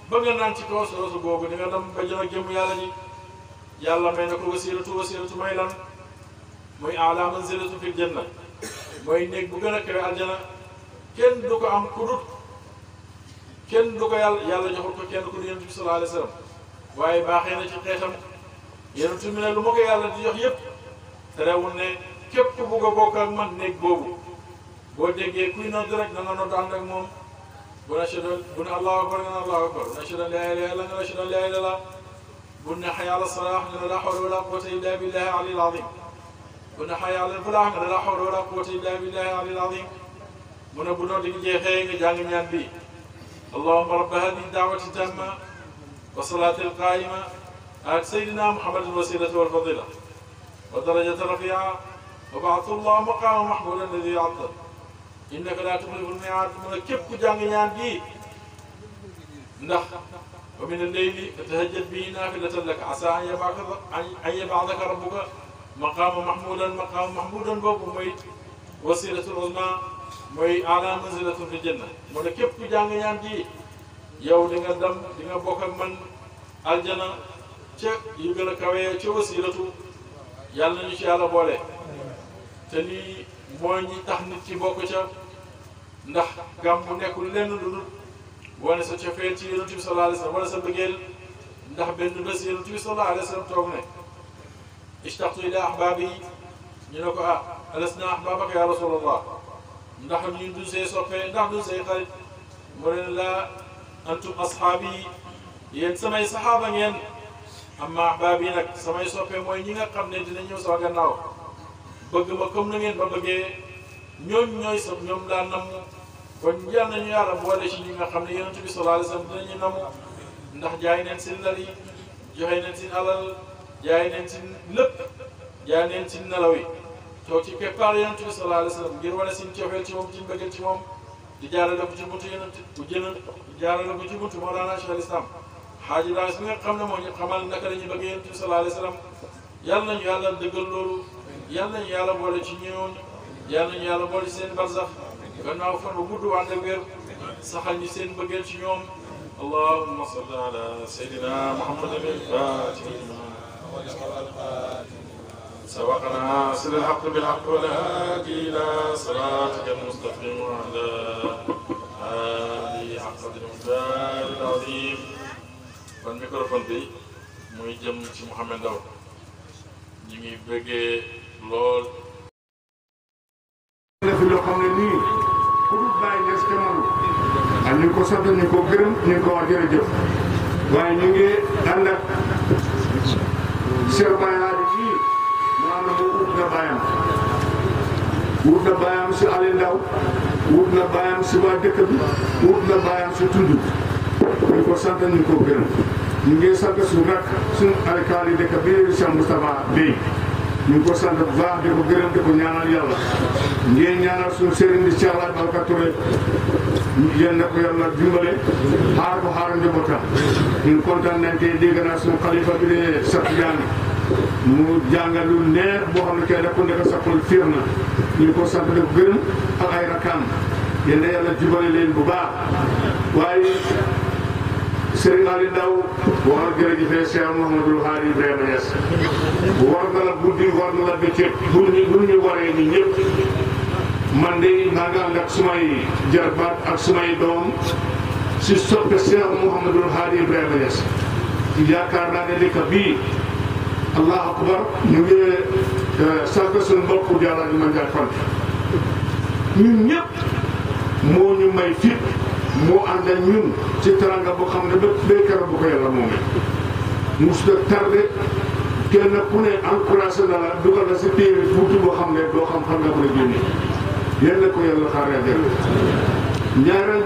ba nga naan ci kaw soosu googu di nga dem ba jëm ak jëmm yàlla ji yàlla may na ko wasilatu wasilatu may lan muy ala manzilatu fil janna mooy néeg bu gën a kawe aljana kenn du ko am ku kenn du ko yàlla yàlla joxul ko kenn ku dut yonent bi sallallahu alayhi waaye baaxee na ci xeetam yonent bi lu ma ko yàlla di yox yépp terewul ne képp bugg a bokk ak man néeg boobu boo déggee kuy nodd rek na nga nodd rek ak moom ونشهد بن الله أكبر من الله أكبر ونشهد أن لا إله إلا الله ونشهد أن لا إله إلا الله بن حي على الصلاة لا حول ولا قوة إلا بالله العلي العظيم بن حي على الفلاح لا حول ولا قوة إلا بالله العلي العظيم من أبو نور دي خير جاني نيان بي اللهم رب هذه الدعوة التامة والصلاة القائمة آت سيدنا محمد الوسيلة والفضيلة والدرجة الرفيعة وبعث الله مقام محمود الذي يعطل innaka laa tuxliful miiaad mu ne képp ku jàng ñaan gi ndax wa mina al-layli fatahajjad bihi naafilatan laka asaa an yab'athaka an yab'athaka rabbuka maqaama mahmuudan maqaama mahmuudan boobu mooy wasilatul uzmaa mooy a'laa manzilatin fil janna mu ne képp ku jàng ñaan gi yow di nga dem di nga bokk ak man aljana ca yu gën a kawee ca wasilatu yàlla nañu ci yàlla boole te lii moo ñi tax nit ki bokk ca ndax gàmmu nekkul lenn lu dul wane sa cofeel ci yonent bi sallallahu alayhi wa sallam wala sa bëggeel ndax benn bés yonent bi sallallahu alayhi wa sallam toog ne ishtaqtu ila ahbaabi ñu ne ko ah alasna ahbaabaka ya rasulallah ndax ñun duñ say soppee ndax duñ say xarit mu ne laa antum ashaabi yi samay saxaaba ngeen amma ahbaab yi nag samay soppee mooy ñi nga xam ne dina ñëw sama gannaaw bëgg ma comme na ngeen ma bëggee ñooñ ñooy sax ñoom laa namm kon yal nañu yàlla boole ci ñi nga xam ne yonent bi sallallahu alayhi wa sallam dinañu namm ndax jaay neen seen lal yi joxe neen seen alal jaay neen seen lépp jaay neen seen nelaw yi toog ci keppaar yonent bi sallallahu alayhi wa sallam ngir wane seen ci moom ci mbëggeel ci moom di jaarale ko ci buntu yonent bu jënal jaarale ko ci buntu Mawlana Cheikh al Islam xaaji daal si nga xam ne moo ñu xamal naka la ñu bëgg yonent bi sallallahu alayhi wa yàlla nañu yàlla dëggal loolu yàlla nañu yàlla boole ci ñëwoon yàlla nañu yàlla boole ci seen barsax gannaaw fan bu gudd ànd ak wér saxal ñu seen bëggeel ci ñoom allahumma salli ala sayyidina muhammadin al-fatihi سبقنا سر الحق بالحق والهادي إلى صراطك المستقيم وعلى آله حق قدر المختار العظيم kon microphone bi muy jëm ci Mouhamed Ndao ñu ngi bëggee lool. na fi loo xam ne nii ku dul bàyyi ñes te ak ñu ko sant ñu ko gërëm ñu ko wax jërëjëf waaye ñu ngi ànd ak Cheikh Baye Hadi fii wut na bàyyam wut na bàyyam si Aliou Ndaw wut na bàyyam si waa dëkk bi wut na bàyyam si tund ñu ko sant ñu ko gërëm ñu ngi sant su rak suñu alkaali dëkk bi Cheikh Moustapha Bey ñu ko sant bu baax di ko gërëm di ko ñaanal yàlla ngeen ñaanal suñu sëriñ bi Cheikh Laye Balka Touré yéen na ko yàlla dimbale xaar ko xaaral njabootam ñun kontaan nañ tey dégg naa suñu bi de Satu Diagne mu jàngal lu neex boo xam ne tey da ko nekk sa xol fiir ñu ko sant di ko gërëm ak ay rakam yéen yàlla jubale leen bu baax waaye Sëriñ Aliou Ndaw war na jërëjëfee Cheikh Mouhamadul Haadi Ibrahima Niass war na la guddi war na la bëccëg bu ñu bu waree ñun ñëpp man de maa ngi ànd ak sumay jarbaat ak sumay doom si soppe Cheikh Mouhamadul Haadi Ibrahima Niass yaakaar naa ne dëkk bi allah akbar ñu ngi euh, sargal suñu mbokk Diallo ñu mën jàppante ñun ñëpp moo ñu may fit. moo ànd a ñun ci teranga boo xam ne ba béykat bu ko yàlla moomee. musta tardé kenn ku ne encouragé na la dugal si téere tuuti boo xam ne doo xam fan nga ko génne yéen la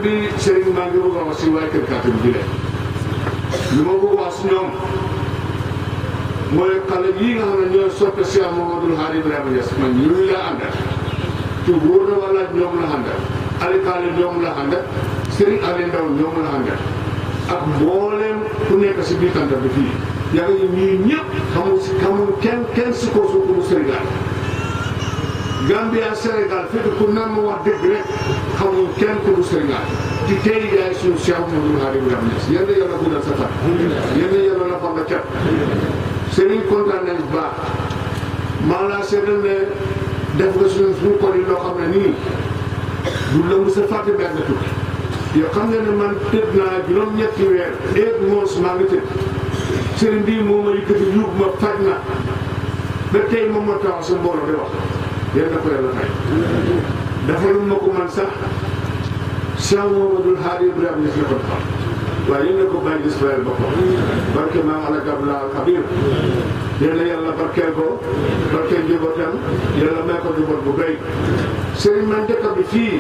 bi ma bëgg wax ñoom mooy xale yii nga xam ne ñooy soppe si Mamadou Hadi Ibrahima Niass man ñooñu laa àndal te wóor na wala ñoom la àndal alikaale ñoom la àndal Serigne Aliou Ndao ñoo a engagé ak mbooleem ku nekk si biir tànta bi fii yàlla yi ñuy ñëpp xamul si xamul kenn kenn si koo suuf mu Sénégal Gambia Sénégal ku nan mu wax dëgg rek xamul kenn ku du Sénégal ci tey yaay suñu Cheikh Mouhamadou Halim Gamnes yal na yàlla guddal sa fan yal na yàlla la fan la cat Serigne kontaan nañ baax maa laa seetal ne def nga suñu suñu kol yi loo xam ne nii du la mu sa fàtte benn tukki yoo xam ne ne man tëdd naa juróom-ñetti weer eeg moos maa ngi tëdd sëriñ bii moo ma yëkkati yóbbu ma faj na ba tey moom ma taxaw sa mbooloo di wax yal na ko yàlla fay dafa lu ma ko man sax Cheikh Mamadou Hadi Ibrahima ñëf la ko defal waaye yéen ko bàyyi barke maam ala gabla al xabir yàlla barkeel ko barkeel njabootam yàlla may ko njaboot bu béy sëriñ man dëkk bi fii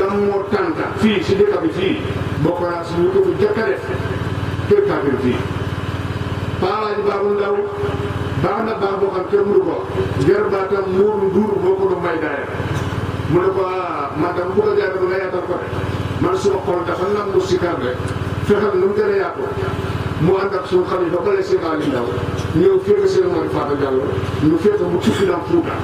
gàmmoo tànta fii si dëkk bi fii bokk naa si ñu ko fi jëkk a def kër kàppir fii paalaji baabu ndaw baax na baax boo xam kenn mënu ko jar baatam muuru duur boo ko doon may daaya mu ne ko ah, man tam bu ko jaay dama nga yaatal ko rek man suma xol dafa nangu si kar rek fexal nu mu gën a yaatoo mu ànd ak suñu xale yi ba pare si xaalis ndaw ñëw féete seen mari Fatou Diallo ñu féete mu tukki dam Fuuta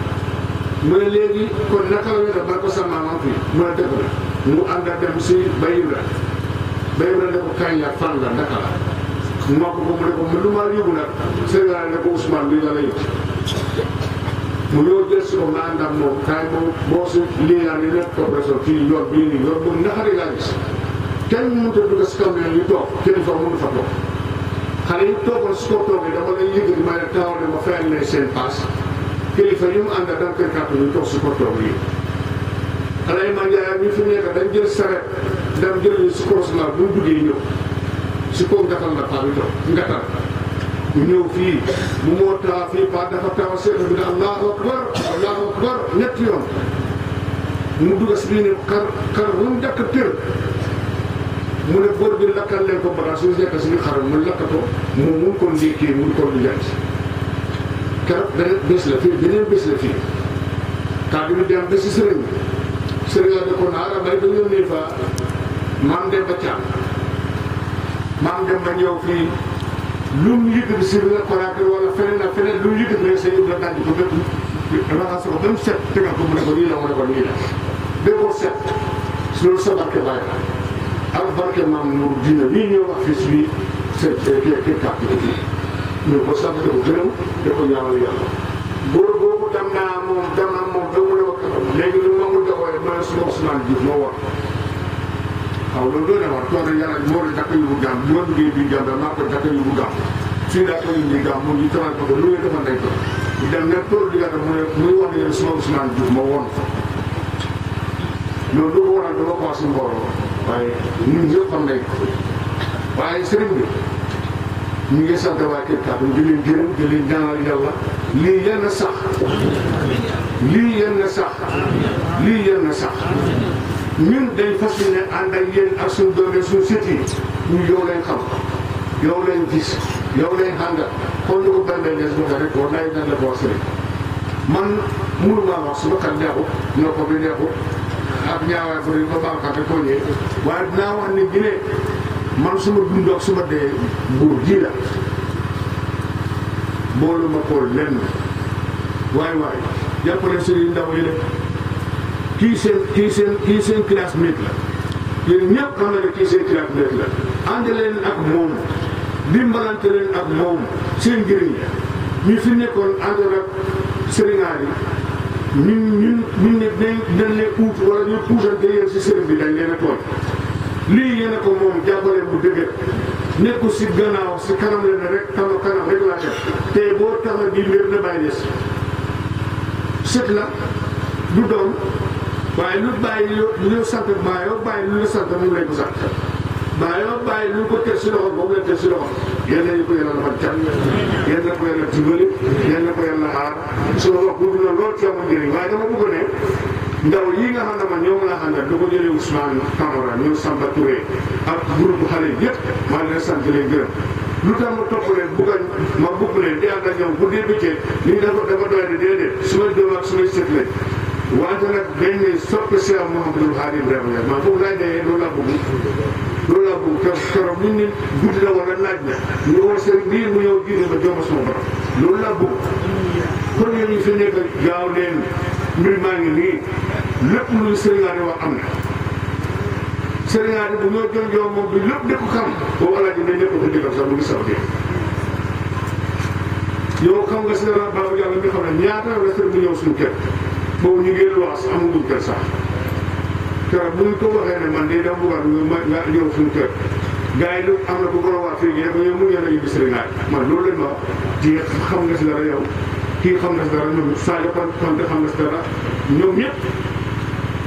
mu ne léegi kon naka la def man ko sa fii mu ne def na mu ànd ak dem si bayu la bayu la ne ko kañ fan la naka la moo ko mu ne ko lu ma yóbbu nag sëñ ne ko Ousmane bi la la yóbbu mu ñëw jël si ko nga ànd ak moom kaay moom boo si lii laa ne nekk coopération kii yoon bii nii yoon moom naxari laa gis kenn mënut a dugg si kaw yu toog kenn fa mënu fa toog xale yi toogoon su ko toogee dama lay yëgati ma ne taawal ne ma fayal leen seen paas kilifa yi mu ànd ak daanaka kàttu ñu toog si portoom yi. xanaa man jaay ñu fi nekk dañ jël saret dam jël ñu si koros la bu duggee ñëw si ngatal la paa bi toog ngatal ñëw fii mu moo taa fii ñetti mu dugg si biir xar xar bu mu jàkk tër mu ne bor bi lakkal leen ko balaa suñu nekk suñu xaram mu lakk ko mun ko ndékkee mun ko lu keroog beneen bés la fii beneen bés la fii kàddu bi dem ba si sëriñ bi sëriñ la ne ko naara may ba yónnee fa maam dem ba caam maam dem ba ñëw fii lu mu yëkkati si biir Conakry wala feneen ak feneen lu mu yëkkati rek sa yëngu la daj ko bépp ko ba mu set tegal ko mu ne ko nii la mu ko nii la béppoo set loolu sa barke barke maam Nuur dina lii ñëw ak fii suñuy seen kii kii kàddu bi ñu ko sant di ko gërëm di ko ñaanal yàlla. góor boobu dem naa moom dem na moom dama la wax léegi lu ma mën a waxee ma ne suñu Ousmane Diouf moo war waaw loolu doon na war toog na yàlla moo la jàkka yóbbu gàmm bu ma duggee biir gàmm daal maa ko jàkka yóbbu gàmm fii daa ko yóbbu gàmm moom ñu tëral ko ko lu ngeen defal nañ ko dem na toolu di gàttal mu ne muy wax ne suñu Ousmane Diouf moo woon loolu du ko waral dama ko wax si mbooloo waaye ñun ñëpp xam nañ ko waaye sëriñ bi ñu ngi sant waa Kéem Kàddu di leen gërëm di leen ñaanal yàlla lii yéen a sax lii yéen a sax lii yéen a sax ñun dañ fas yéene ànd ak yéen ak suñu doom suñu sët yi ñu yow leen xam yow leen gis yow leen xàngal kon ñu ko benn des mu rek war naay nan la ko wax man mënu maa wax suba kan neexut ñoo ko bi neexut ak ñaawaay bu rëy ba baax a ko ñëwee waaye dinaa wax ni ñu ne man suma dund suma dee buur ji la boolu ma koo lenn waay waay jàppale sëriñ ndaw yi rek kii seen kii seen kii seen classmate la yéen ñëpp xam na ne kii seen classmate la ànd leen ak moom dimbalante leen ak moom seen njëriñ ñu fi nekkoon àndoon ak sëriñaar yi ñun ñun ñun ne dañ dañ leen uut wala ñu puusante yéen si sëriñ bi dañ leen a tooñ lii yéen ko moom jàppale bu dëgër nekkul si gannaaw si kanam leen rek kanam kanam rek laa def te boo tax a di mbir na bàyyi des sët la du doom waaye lu bàyyi lu sant baayoo bàyyi lu la sant moom lañ ko sant baayoo bàyyi lu ko teg si loxo moom lañ teg si loxo yéen nañu ko yàlla defal cat yéen na ko yàlla dimbali yéen na ko yàlla aar su ma wax gudd na lool ci njëriñ waaye dama bëgg ne ndaw yii nga xam ne man ñoo ngi la àndal da ko jëlee Ousmane Camara ñoom Samba Touré ak groupe xale yëpp maa leen sant leen gërëm lu tax ma topp leen bugg a ma bugg leen di ànd ak bu dee bëccëg lii dafa dafa doy ne déedéet su ma su ma sët lañ wante nag dañ ne soppi Seex laaj ne loolu na ñu war seen biir mu ñëw jiite ma jooma suma borom loolu laa bugg kon ñu fi nekk gaaw leen mbir maa ngi nii lépp lu ñu sëriñaane wax am na sëriñaane bu ñoo jël yow moom bi lépp di ko xam boobu alaaji mu ngi yow xam nga sëriñaane ne ñaata resteur bu ñëw suñu kër boobu ñu ngeen wax sax amaguñ kër sax keroog bu ñu ko waxee ne man de dama bëggoon nga nga suñu kër gars lu am na bu ko la waa fii ngeen ñoom mu ngeen a yóbbu sëriñaane man loolu lañ ma wax di xam nga si dara yow kii xam na si dara ñoom Sadio kon kon xam na si dara ñoom ñëpp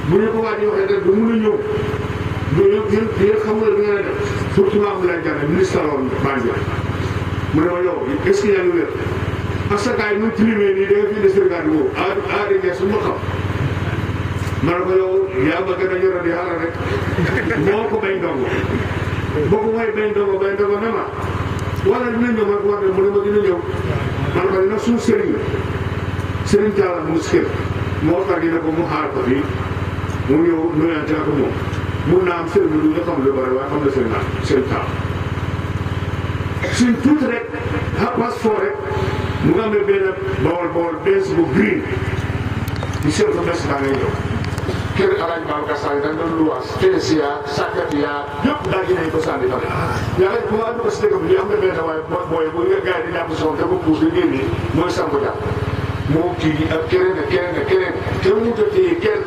bu ñu ko waaj a waxee rek du mun a ñëw du ñëw ñun ñun xamul ne def surtout maa ngi lay jàllale ministre la woon Bandia mu ne ma yow est-ce que yaa ngi wér parce que gars yi ñun ci li muy nii da nga fi des regarde boobu ah ah da ngeen su ma xam ma ne ko yow yaa ma gën a yore di xaaral rek moo ko bañ ndongo boo ko may bañ ndongo bañ ndongo ne ma. wala dina ñëw man war mu ne ma dina ñëw man ma ne nag suñu sëriñ sëriñ Talla mu si kër moo far dina ko mu xaar ko fii mu ñëw nuyante ak moom mun naa am sëriñ bi du ñu xam lu bëri waaye xam na sëriñ naa sëriñ Talla suñ tuuti rek xapas foo rek mu nga am ne benn bawol bawol bees bu green ñu seetlu bés baa ngay ñëw kër Alaaji Babacar Sall dañ doon luwaas fees yaa sàkkat yaa yëpp daaji nañ ko sànni fale yàlla bu ma ànd ko si dëkk bi li am na benn waaye mooy bu gars yi di jàpp soxna te ko puus di génne mooy sànq jàpp moo kii ak keneen ak keneen ak keneen te mu a yi kenn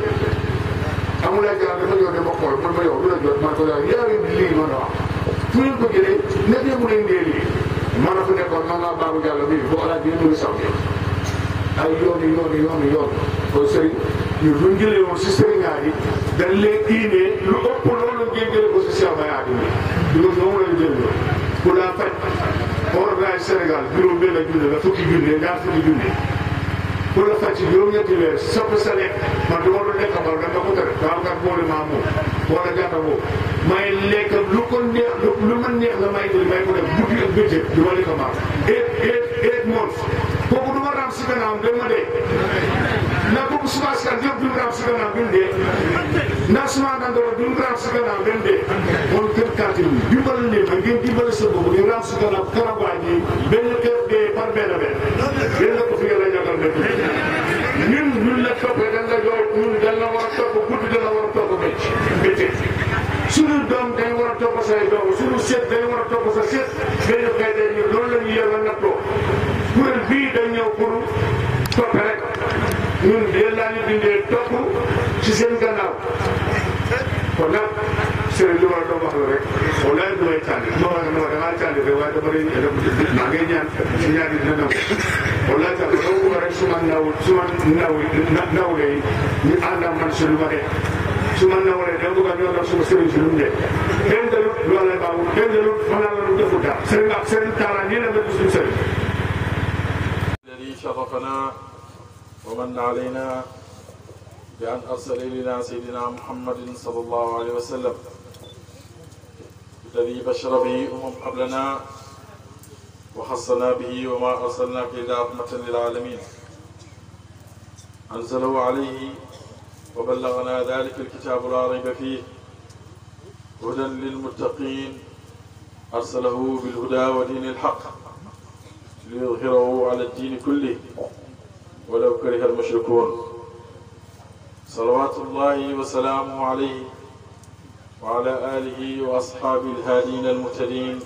amul ay garab dafa yor de ma xool man ma yow du la jot man ko yaa yaari lii mën a wax fu ngeen ko jëlee nekk mu leen dee lii man a ko nekkoon man laa baabu jàll bii boo alaaj bi mu ngi saw ay yoon yi yoon yi yoon yi yoon ko yow ñu jëlee woon si sëriñaa yi dañ leen diine lu ëpp loolu ngeen jëlee ko si Cheikh Baye Adama ñun moom lañ jëlee ku daa faj ordonnance Sénégal juróom benn junne la fukki junne ñaar fukki junne ku la faj juróom-ñetti weer sopp sa lekk man du ma doon lekk xamal da nga ko tere waaw kat boole maa moom wala gàtta moom may lekk lu ko lu ma neex la may may ko def guddi ak bëccëg du ma lekk maam eight eight eight months kooku du ma raam si gannaawam dem ma dee nakkuɓe suka sikal jof dumram siganam ɗumde nda sumaɗandoro dumram siganam ɗumde on ker katim dimbala nema gen dimbala sabobo ɗumram siganam karabaji ɓenno kerɗe par ɓena ɓen ɓenno ko figana jagal ɓe ñun ñun la toppe danga yow ñun danga war a topp guddi danga war a topp becc becce suñu doom dañ war a topp say doom suñu seet dañ war a topp sa seet ɓenno kay dañ loolu la ñu yàlla nattoo kuréel bii dañ ñëw pour toppe rek ñun dee laa ñu bindee topp ci seen gannaaw kon nag sëriñ li ma la doon wax la rek walaay du may tànn ma wax ne ma damaa tànn de waaye dama lay maa ngi ñaan si ñaar yi dina nangu walaay tànn dama bëgg rek su ma naaw su ma naaw naawlee ñu ànd ak man si lu ma def su ma naawlee dama bëgg a ñëw nag suma sëriñ si lu mu def kenn de lu loola baawul kenn de lu mën naa la lu deful daal sëriñ ak sëriñ Talla nii la nga gis suñu sëriñ. ومن علينا بأن أرسل إلينا سيدنا محمد صلى الله عليه وسلم الذي بشر به أمم قبلنا وخصنا به وما أرسلناك إلا رحمة للعالمين أنزله عليه وبلغنا ذلك الكتاب لا ريب فيه هدى للمتقين أرسله بالهدى ودين الحق ليظهره على الدين كله walaw kariha almushrikuun salawaatullahi wa salaamuhu alayhi wa ala aalihi wa ashaabihi alhaadiina almuhtadiin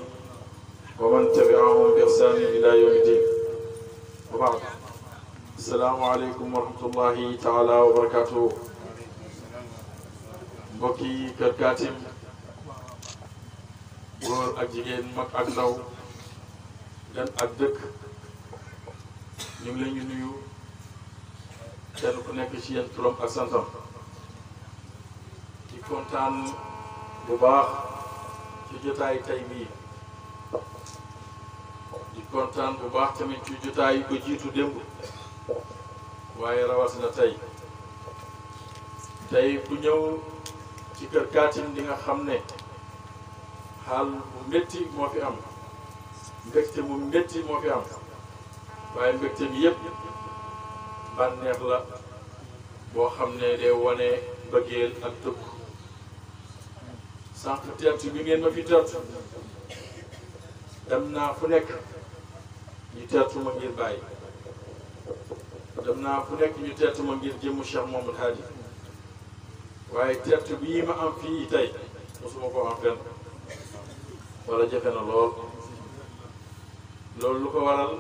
wa man tabi'ahum bi ihsaanin ilaa yawmi ddiin wa ba'd assalaamu aleykum wa rahmatullahi taala wa barakaatuhu mbokk yi Kër Kaatim góor ak jigéen mag ak ndaw gan ak dëkk ñu ngi leen di nuyu kenn ku nekk ci yéen turam ak santam di kontaan bu baax ci jotaay tey bii di kontaan bu baax tamit ci jotaay yi ko jiitu démb waaye rawatina tey tey ku ñëw ci kër Kaatim di nga xam ne xaal bu métti moo fi am mbégte mu métti moo fi am waaye mbégte bi yëpp. bànneex la boo xam ne day wane bëggeel ak tëkk sànq tert bi ngeen ma fi tert dem naa fu nekk ñu tertu ngir bàyyi dem naa fu nekk ñu tertu ma ngir jëmm Cheikh Mohamad Hadi waaye tert bii ma am fii tey mosuma ko am fenn wala jafe na lool loolu lu ko waral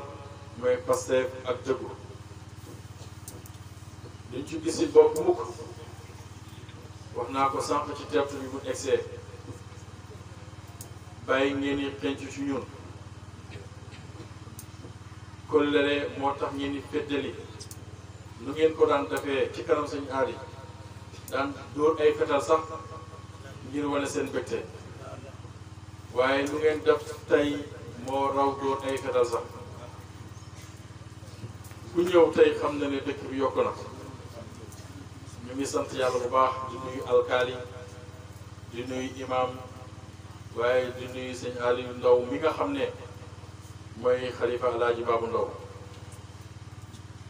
mooy Pastef ak dëggu duñ ci gis it bopp wax naa ko sànq ci teert bi bu egsee bàyyi ngeen i xenc ci ñun kollëre moo tax ngeen i feddali nu ngeen ko daan defee ci kanam sañ aar yi daan dóor ay fetal sax ngir wane seen mbégte waaye lu ngeen def tey moo raw dóor ay fetal sax ku ñëw tey xam na ne dëkk bi yokk na ñu ngi sant yàlla bu baax di nuyu alkaali di nuyu imam waaye di nuyu sëñ Aliou Ndaw mi nga xam ne mooy xalifa alaaji Baabu Ndaw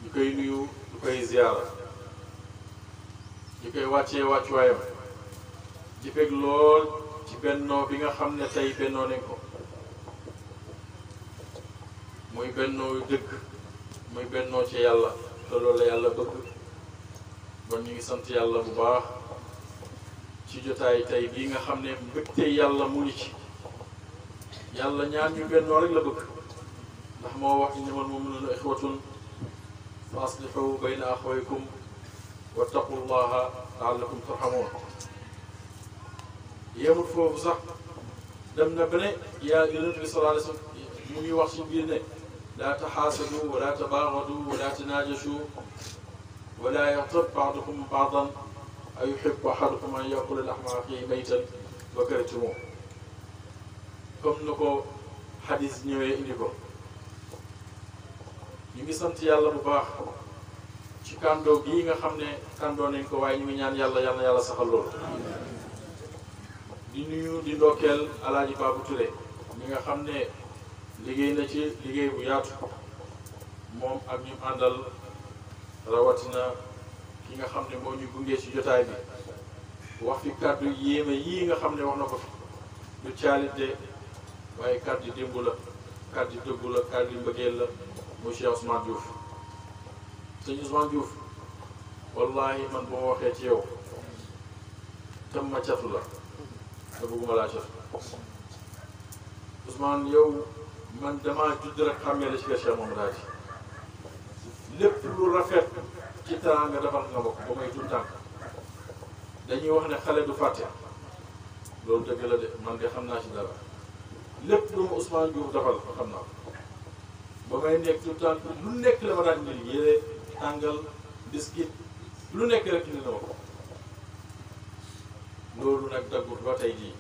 ñu koy nuyu ñu koy ziyaara ñu koy wàccee wàccuwaayam di bég lool ci bennoo bi nga xam ne tey bennoo nañ ko muy bennoo dëkk muy bennoo ci yàlla te la yàlla bëgg kon ñu ngi sant yàlla bu baax ci jotaay tey bii nga xam ne mbégte yàlla mu ngi ci yàlla ñaan ñu bennoo rek la bëgg ndax moo wax innamal mu'minuuna ixwatun fa aslihu bayna axawaykum wattaqu llaha laallakum turhamuun yemul foofu sax dem na ba ne yaa yonent bi sallallaahu alayhi wa sallam mu ngi wax ci biir ne laa taxaasadu wa laa tabaaxadu wa laa tanaajashu ولا يغتب بعضكم بعضا أيحب أحدكم أن يأكل لحم أخيه ميتا وكرهتموه comme ni ko xadis ñëwee indi ko ñu ngi yàlla bu baax ci kàndoo gii nga xam ne kàndoo nañ ko waaye ñu ngi ñaan yàlla yàlla yàlla saxal loolu di nuyu di ndokkeel alaaji Babou Touré ñi nga xam ne liggéey na ci liggéey bu yaatu moom ak ñu àndal rawatina ki nga xam ne moo ñu gungee ci jotaay bi wax fi kàddu yéeme yii nga xam ne wax na ko fi du caalit de waaye kàddu démb la kàddu dëggu la kàddu mbëggeel la mu Cheikh Ousmane Diouf sëñ Ousmane Diouf wallahi man boo waxee ci yow tam ma catu la te bëgguma laa catu Ousmane yow man damaa judd rek xàmmee la ci Cheikh Mamadou Hadi lépp lu rafet ci teraanga defal nga bokk ba may tuut tànk dañuy wax ne xale du fàtte loolu dëgg la de man de xam naa ci dara lépp lu ma Ousmane Diouf defal ba xam naa ba may nekk tuut tànk lu nekk la ma daan ni yére tàngal biskit lu nekk rek ni ma ko loolu nag daggut ba tey jii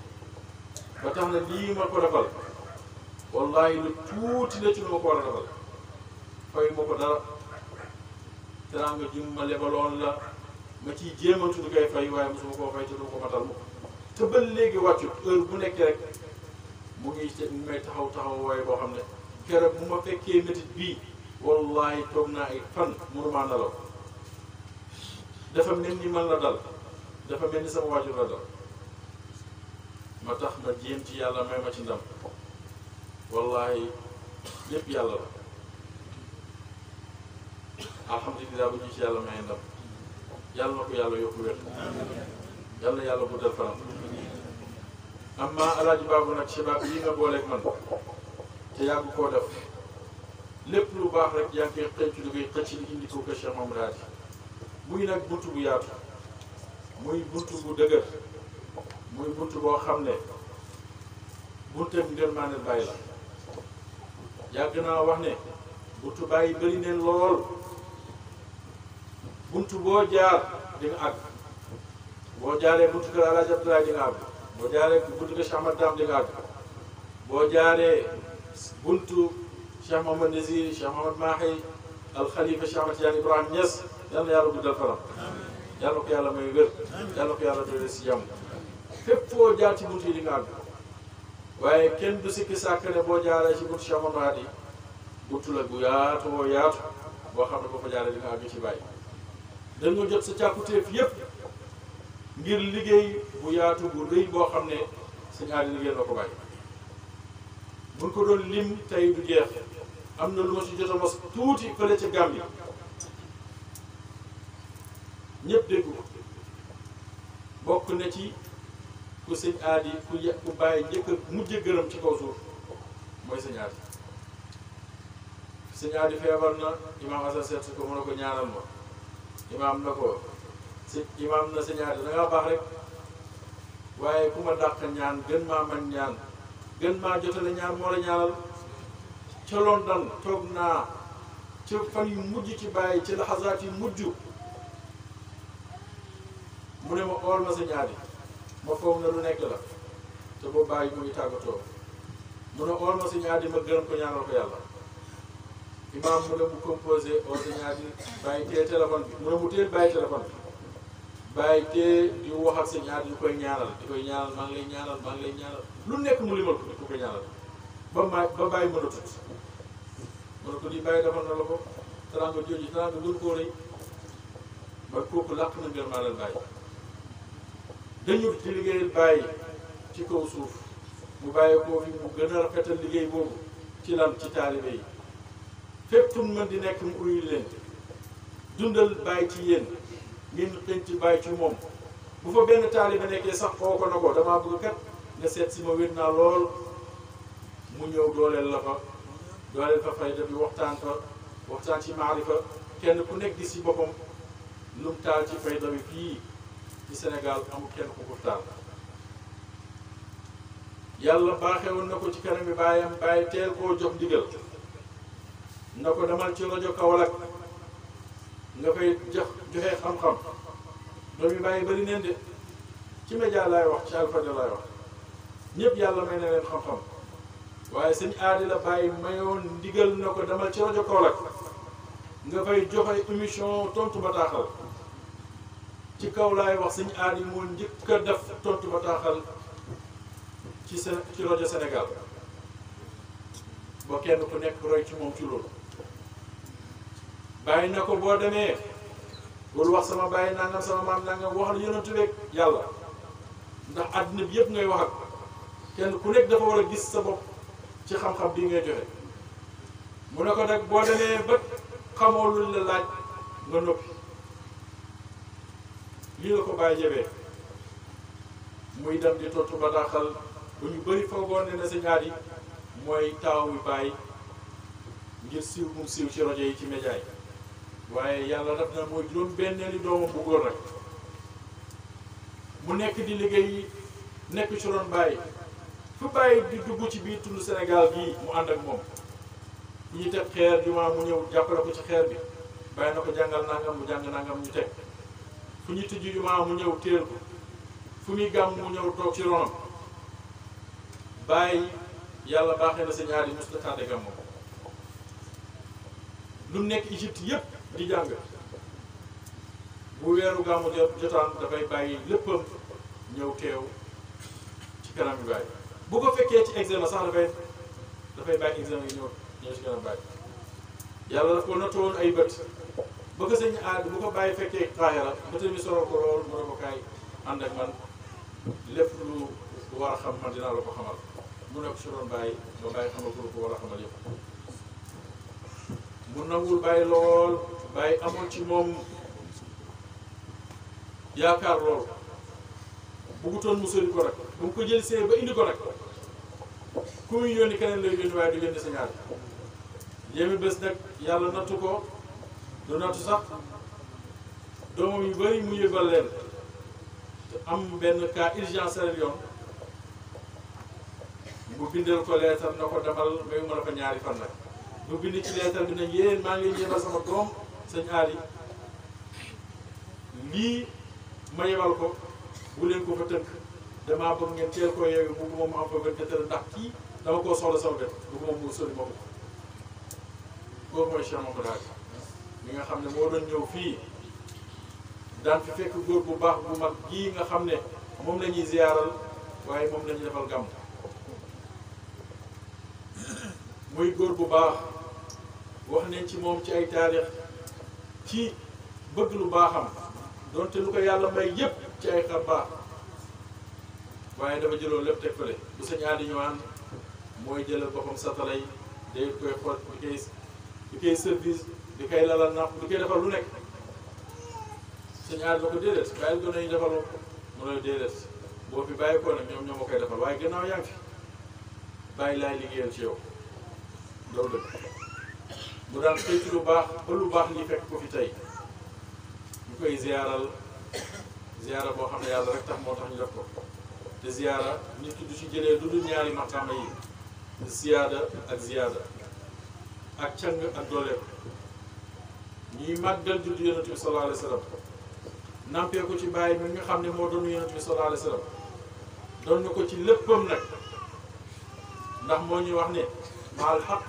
ba tax na lii ma ko defal wallahi lu tuuti la ci lu ma ko war a defal fay ma ko dara teraanga ji ma lebaloon la ma ciy jéematu di koy fay waaye mosuma koo fay te ko matal ma léegi wàccut heure bu nekk rek mu ngi may taxaw taxaw waaye boo xam ne keroog mu ma fekkee métit bii wallahi toog naa ay fan mënumaa nelaw dafa mel ni man la dal dafa mel ni sama waajur la dal ma tax ma jéem ci yàlla may ma ci ndam wallahi lépp yàlla la alhamdulilah bu ñu ci yàlla may ndam yàlla na ko yàlla yokku wér yàlla yàlla guddal fanam amma alaaji baabu nag shabaab yi nga booleeg man te yàgg koo def lépp lu baax rek yaa ngi koy xëcc li koy xëcc li ko ko Cheikh Mamadou Hadi muy nag bunt bu yaatu muy bunt bu dëgër muy bunt boo xam ne bunte bu ngërmaane bàyyi la yàgg naa wax ne buntu bàyyi bëri neen lool buntu boo jaar di nga àgg boo jaaree buntu kër Alaaji Abdoulaye di nga boo jaaree buntu kër Cheikh Ahmad Dam di boo jaaree buntu Cheikh Mouhamad Nazir Cheikh alxalifa Cheikh Ahmad Tidiane Ibrahima Niass yal na yàlla guddal faram yal ko yàlla may wér yal na ko yàlla doole si jàmm fépp foo jaar ci buntu yi di nga waaye kenn du sikki sàkk ne boo jaaree ci buntu Cheikh Mouhamad Hadi buntu la bu yaatu yaatu boo xam ne boo ko jaaree di nga àgg ci bàyyi dañoo jot sa càkkutéef yépp ngir liggéey bu yaatu bu rëy boo xam ne sëñ aali liggéey na ko bàyyi buñ ko doon lim tey du jeex am na lu ma si jot a mos tuuti fële ca Gàmbi ñëpp dégg ko bokk na ci ku sëñ aadi ku ye- ku bàyyi njëkk mujj gërëm ci kaw suuf mooy sëñ aadi sëñ aadi feebar na imaam Asan seet ko mën a ko ñaanal ma imaam na ko si imaam na sa ñaata da ngaa baax rek waaye ku ma dàq ñaan gën maa man ñaan gën maa jotale ñaan moo la ñaanal ca London toog naa ca fan yu mujj ci bàyyi ci laxasaat yu mujj mu ne ma ool ma sa ñaati ma foog na lu nekk la te boo bàyyi mu ngi tàggatoo mu ne ool ma sa ñaati ma gërëm ko ñaanal ko yàlla imam mu ne mu composé ordinateur bàyyi tee téléphone bi mu ne mu teel bàyyi téléphone bi bàyyi tee di wax ak sa ñaar di koy ñaanal di koy ñaanal maa ngi lu nekk mu limal ko di ko ñaanal ba ma ba bàyyi mën a tut mën a ko di bàyyi defal na la ko teraanga jooju teraanga gën koo rëy ba kooku làq na ngir maa leen bàyyi dañu ci liggéeyal bàyyi ci kaw suuf bu bàyyi koo fi mu gën a rafetal liggéey boobu ci lan ci taalibe yi fépp fu mu di nekk mu uyu leen dundal bàyyi ci yéen ngeen xëñ ci bàyyi ci moom bu fa benn taaliba nekkee sax foo na ko damaa bëgg bi waxtaan fa kenn ku nekk gis ci boppam lu mu taal ci fayda bi fii ci Sénégal amul kenn ku ko taal yàlla baaxewoon na ko ci kanam bi bàyyam bàyyi teel koo jox ndigal na ko demal ci rajo Kaolack nga fay jox joxe xam-xam doom yi bàyyi bëri neen de ci média lay wax ci Alfayda laay wax ñëpp yàlla may na leen xam-xam waaye sëñ aadi la bàyyi mayoon ndigal na ko demal ci rajo Kaolack nga fay joxe émission tontu bataaxal ci kaw laay wax siñ aadi moo njëkk a def tontu bataaxal ci seen ci rajo Sénégal ba kenn ku nekk roy ci moom ci loolu. bàyyi na ko boo demee bul wax sama bàyyi nangam sama maam nangam waxal yonentu rek yàlla ndax àddina bi yëpp ngay wax ak kenn ku nekk dafa war a gis sa bopp ci xam-xam bi ngay joxe mu ne ko nag boo demee ba xamoo luñ la laaj nga noppi lii la ko bàyyi jebee muy dem di tontu bataaxal bu ñu bëri foogoon ne na si ñaar yi mooy taaw bàyyi ngir siiw mu siiw ci rajo yi ci média yi waaye yàlla def na mooy juróom benneeli doomam bu góor rek mu nekk di liggéey nekk ci doon bàyyi fu bàyyi di dugg ci biir tund Sénégal gii mu ànd ak moom ñi teg xeer jumaa mu ñëw jàppale ko ci xeer bi bàyyi na ko jàngal nangam mu jàng nangam ñu teg fu ñu tijji jumaa mu ñëw téel ko fu muy gàmm mu ñëw toog ci ronam bàyyi yàlla baaxee na sa ñaari mos la tànde gàmm lu nekk Égypte yépp di jàng bu weeru gàmmu jotaan dafay bàyyi léppam ñëw teew ci kanam yu bàyyi bu ko fekkee ci examen sax dafay dafay bàyyi examen yi ñëw ñëw ci kanam bàyyi yàlla daf ko nattoon ay bët ba ko sëñ aad bu ko bàyyi fekkee xaayara bëta mi soro ko loolu mu ne kaay ànd ak man lépp lu war a xam man dinaa la ko xamal mu ne ko si doon lool waaye amoon ci moom yaakaar lool buggutoon mu ko rek mu ko jël see ba indi ko rek ku muy yónni keneen lay yónni waaye du yónni sa ñaar yémi bés nag yàlla nattu ko du nattu sax doomam yu bari mu yëgal leen te am benn cas urgence rek yoon bu bindal ko leetar na ko demal mayu ma la fa ñaari fan nag mu bind ci leetar bi nag yéen maa ngi leen sama doom sëñ Ali lii ma yebal ko bu leen ko fa tënk damaa bëgg ngeen teel ko yeewi bugguma mu am ko gën te ndax kii dama koo soxla sama benn bugguma mu sori ma ko kooku mooy Cheikh Mamadou Hadj mi nga xam ne moo doon ñëw fii daan fi góor bu baax bu mag nga xam ne moom la ñuy ziyaaral waaye moom la ñuy defal gàmm muy góor bu baax wax nañ ci moom ci ay taarix ci bëgg lu baaxam donte lu ko yàlla may yépp ci ay xar baax waaye dafa jëloon lépp teg fële bu sañ aadi ñëwaan mooy jëlal boppam satalay day koy xool di koy di koy service di koy lalal napp di koy defal lu nekk sañ aadi ba ko déedéet bàyyil gën nañu defal mu ne déedéet boo fi bàyyi ko nag ñoom ñoo ma koy defal waaye gannaaw yaa ngi fi bàyyi laay ci yow loolu la mu daan xëytu lu baax ba lu baax ñi fekk ko fi tey ñu koy ziyaaral ziyaara boo xam ne yàlla rek tax moo tax ñu def ko te ziyaara nit ki du ci jëlee lu dul ñaari maqaama yi siyaada ak ziyaada ak càng ak dooleem ñuy màggal juddu yonent bi sallallahu alayhi ci bàyyi mi nga xam ne moo doon yonent bi ko ci léppam nag ndax moo ñuy wax ne maal xaq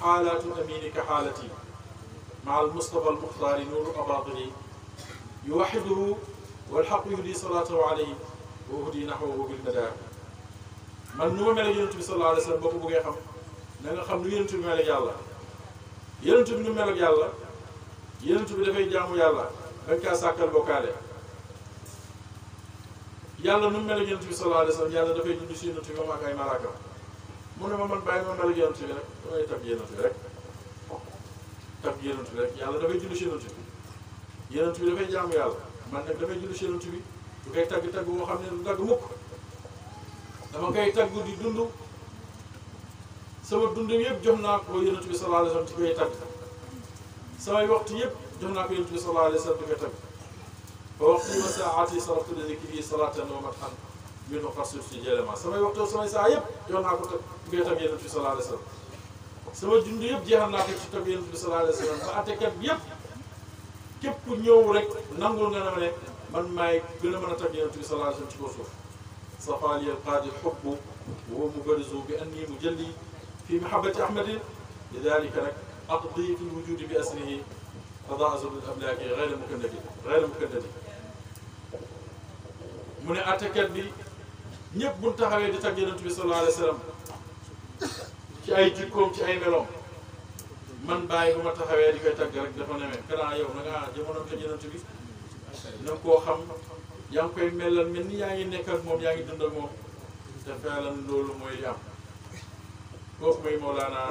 xaalaatu aminika xaalati maa almustafa almuxtaari nuuru abaatini yuwaxiduhu walxaqu yudi salaatahu alayhi wa hudi naxwahu bilmadaar man nu ma mel ak yonent bi sallallahu alayhi wa sallam boo ko bëggee xam na nga xam nu yonent bi mel ak yàlla yonent bi nu mel ak yàlla yonent bi dafay jaamu yàlla dañ kaa sàkkal bokkaale yàlla nu mel ak yonent bi sallallahu alayhi wa sallam yàlla dafay dund si yonent bi moom ak ay malaakam mu ne ma man bàyyi noonu la yonent bi rek dangay tab yonent bi rek tab yonent bi rek yàlla dafay julli si yonent bi yonent bi dafay jaamu yàlla man nag dafay julli si yonent bi du koy tagg tagg moo xam ne du tagg mukk dama koy tagg di dund sama dund yëpp jox naa ko yonent bi sallallahu alayhi wa sallam di koy tagg samay waxtu yëpp jox naa ko yonent bi sallallahu alayhi wa sallam di koy tagg ba waxtu ma saati saraftu li zikri salatan wa matxan mbiitu fas suuf si jëlee ma samay waxtu samay saa yëpp jox naa ko mbiitam yonent bi sallallahu alayhi wa sallam sama dund yëpp jeexal naa ko ci tam yonent bi sallallahu alayhi wa sallam ba àttekat bi yëpp képp ku ñëw rek nangul nga ne ma ne man maay gën a mën a tam yonent bi sallallahu alayhi wa sallam ci kaw suuf safaali alqaadi xubbu wa mubarizu bi anni mujalli fi mahabbati ahmadi lidalika nag aqdi fi lwujudi bi asrihi tadaasul lil ablaaki gayra mukandadi gayra mukandadi mu ne àttekat bi ñépp bu taxawee di tag yonent bi sallallahu alayhi wa ci ay jikkoom ci ay meloom man bàyyi bu ma taxawee di koy tagg rek dafa newee kanaa yow na nga jamono ko yonent bi na koo xam yaa ngi koy melal mel ni yaa ngi nekk moom yaa ngi dund ak moom te feelan loolu mooy li am kooku mooy Mawlana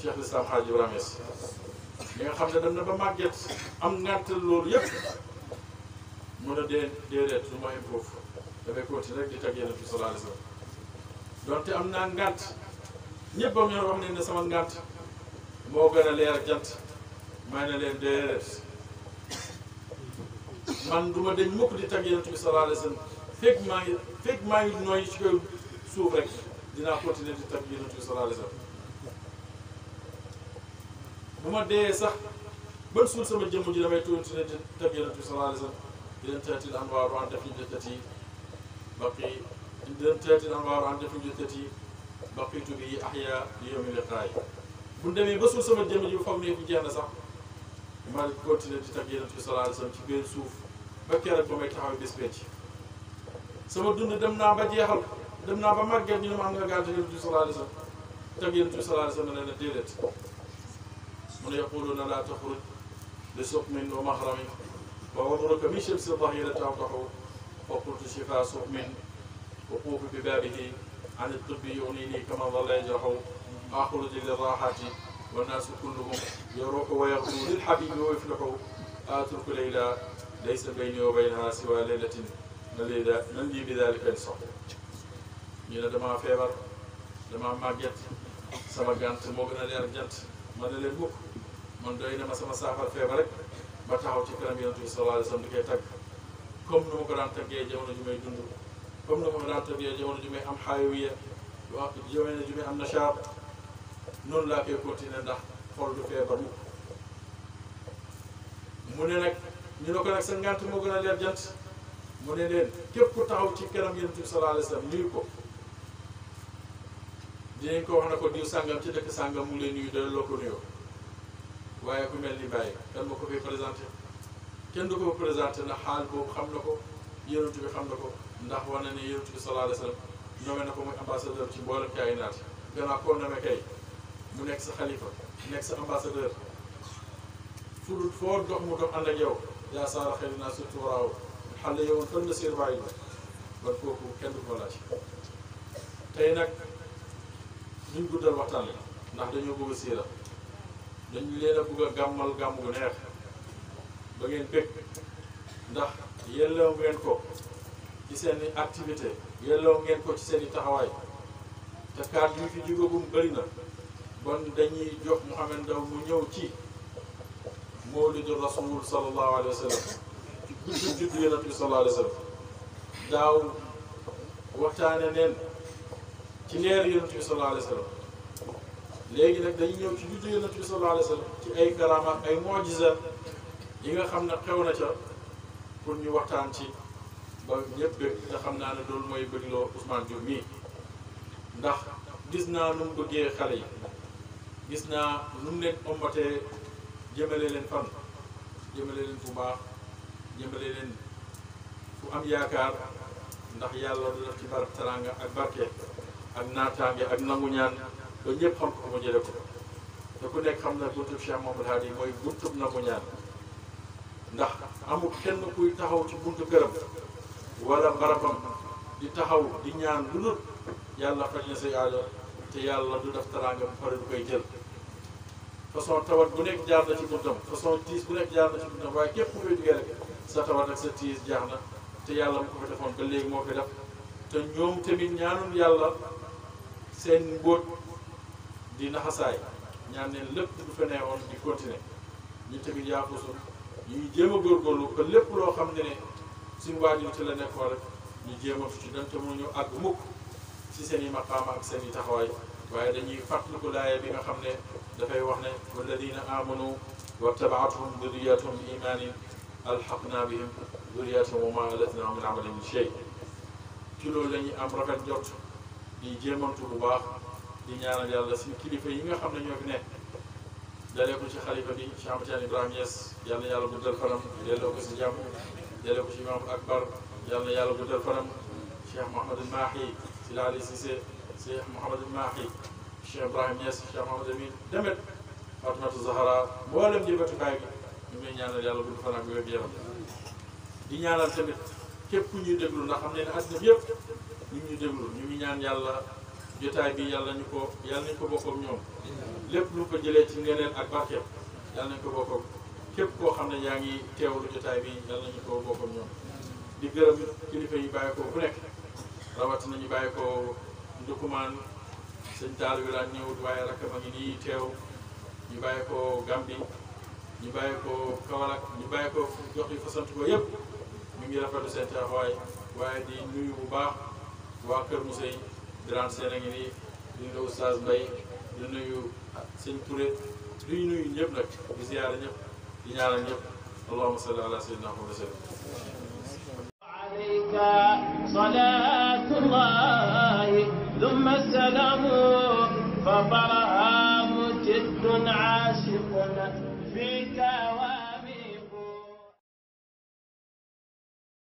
Cheikh Lislam Hadj Ibrahima li nga xam ne dem na ba màgget am ngàntal loolu yëpp mën a dee déedéet lu ma foofu dafay continuer rek di teg yeneen bi sallallahu alayhi wa sallam donte wax nañ ne sama ngant moo gën a leer jant may man ma dañ mukk di teg yeneen bi sallallahu alayhi wa sallam maa ngi fekk maa rek dinaa continuer di teg yeneen bi sallallahu alayhi wa sallam ma dee sax ban suul sama jëmm ji damay continuer di teg yeneen bi sallallahu alayhi wa sallam di leen teetil anwaaru an def بقي دم تاتي الانوار عن جفن جثتي بقيت به احيا ليوم اللقاء bu demee ba suuf sama jëmm ji bu foog ne bu jeex na sax maa ngi continuer di tag yonent bi sallallahu alayhi wasallam ci benn suuf ba keroog ba may taxaw bés bee ci sama dund dem naa ba jeexal dem naa ba màgget ñu ne ma am nga gàllankoor yonent bi sallallahu alayhi wasallam tag yonent bi sallallahu alayhi wasallam ne leen déedéet mu ne yaquluna laa taxruj li suqmin wa mahramin wa udruka min shamsi dhahirati aw taxu وقلت شفاء سقم وقوف ببابه عن الطب يغنيني كما ظل يجرح أخرج للراحة والناس كلهم يروح ويغدو للحبيب ويفلح آترك ليلى ليس بيني وبينها سوى ليلة من لي بذلك ينصح ñu ne damaa feebar damaa màgget sama gànt moo gën a leer jant ma ne leen mukk man doy na ma sama saafara feebar rek ba taxaw ci kanam yonent bi sallallahu alayhi wa sallam di koy tagg comme nu ma ko daan tëggee jamono ji may dund comme nu ma ko daan tëggee jamono ji may am xaayawiya wa jamono ji may am nashaat noonu laa koy continuer ndax xol du feebar mukk mu ne nag ñu ne ko nag sa ngant moo gën a leer jant mu ne leen képp ku taxaw ci kanam yonent bi sallallahu alayhi wa sallam nuyu ko dinañ ko wax na ko diw sàngam ci dëkk sàngam mu ngi lay nuyu delloo ko nuyoo waaye ku mel ni bàyyi kan ma ko fay présenté kenn du ko présenté na xaal boobu xam na ko yonent bi xam na ko ndax wax na ne yonent bi sallallahu alayhi wa sallam nommé na ko muy ambassadeur ci mboolem kaayinaat gannaaw koo nommé kay mu nekk sa xalifa nekk sa ambassadeur fu foo dox mu dox ànd ak yow yaa saara xëy naa surtout waaw xale yowoon fan la seen bàyyi la kenn du ko laaj tey nag duñ guddal waxtaan ndax dañoo bëgg a siira dañ leen a bëgg a gàmmal gàmm gu neex ba ngeen bëgg ndax yelloo ngeen ko ci seen i activité yelloo ngeen ko ci seen i taxawaay te kàddu yi fi jugagum bëri na bon dañuy jox Mouhamed mu ñëw ci mawlidu rasul sallallahu alayhi wa sallam ci guddi juddu yonent bi wa sallam daaw waxtaane neen ci leer yonent bi sallallahu alayhi wa sallam léegi nag dañuy ñëw ci juddu yonent bi sallallahu alayhi wa sallam ci ay karaama ay mujiza yi nga xam na xew na ca pour ñu waxtaan ci ba ñëpp bég xam naa ne loolu mooy bëggloo Ousmane Diop mii ndax gis naa nu mu bëggee xale yi gis naa nu mu leen ombatee jëmale leen fan jëmale leen bu baax fu am yaakaar ndax yàlla du def ci bar teraanga ak barke ak naataange ak nangu ñaan ba ñëpp xam ko mu jële ko te nekk xam na buntub Cheikh Mamadou Hadi mooy buntub nangu ñaan ndax amul kenn kuy taxaw ci buntu këram wala barabam di taxaw di ñaan lu dul yàlla faj na say aajo te yàlla du def teraanga bu pare du koy jël façon tawat bu nekk jaar na ci buntam façon tiis bu nekk jaar na ci buntam waaye képp ku koy duggee rek sa tawat ak sa tiis jaax na te yàlla mu ko fa defoon ba léegi moo fi def te ñoom tamit ñaanul yàlla seen mbóot di naxasaay ñaan neen lépp du fa neexoon di continuer ñu tamit yaakusul ñuy jéem a góorgóorlu ba lépp loo xam ne ne suñu waajur ci la nekkoon rek ñu jéem a ci donte mu ñu àgg mukk ci seen i maqaama ak seen i taxawaay waaye dañuy fàttaliku laaya bi nga xam ne dafay wax ne walladina amanu wattabaatuhum duriyatuhum bi imaanin alxaqna bihim duriyatuhum wa ma alatnahum min amalihim min shay ci loolu la ñuy am rafet jot di jéemantu bu baax di kilifa yi nga xam ne ñoo fi nekk dalee ko ci xalifa bi Cheikh Amatiane Ibrahima Niass yal na yàlla guddal fanam delloo ko si jàmm dalee ko ci imam akbar yal na yàlla guddal fanam Cheikh Mouhamadul Mahi si laali Cissé Cheikh Mouhamadul Mahi Cheikh Ibrahima Niass Cheikh Mouhamadul Amin demet Fatimatu Zahra mboolem jëbatu baay bi ñu ngi ñaanal yàlla gudd fan ak wér gu di ñaanal tamit képp ñuy déglu ndax xam ne ne àddina bi ñu ñuy déglu ñu ngi ñaan yàlla jotaay bi yàlla nañu ko yàlla nañu ko bokkook ñoom lépp lu ko jëlee ci ngeneen ak barkeem yàlla nañu ko bokkook képp koo xam ne yaa ngi teewlu jotaay bi yàlla nañu ko bokkook ñoom di gërëm kilifa yi bàyyi ko bu nekk rawat nañu bàyyi ko ndukumaan sëñ taal wi laa ñëwut waaye rakkam a ngi nii teew ñu bàyyi ko Gambi ñu bàyyi ko Kaolack ñu bàyyi ko jox yi fa ko yëpp ñu ngi rafetlu seen taxawaay waaye di nuyu bu baax waa Kër Moussa yi Birane Sène a ngi nii di nuyu Oustaz Mbaye di nuyu sëñ Touré di nuyu ñëpp nag di ziyaara ñëpp di ñaanal ñëpp allahumma salli ala sayyidina Muhammad sallallahu alayhi wa sallam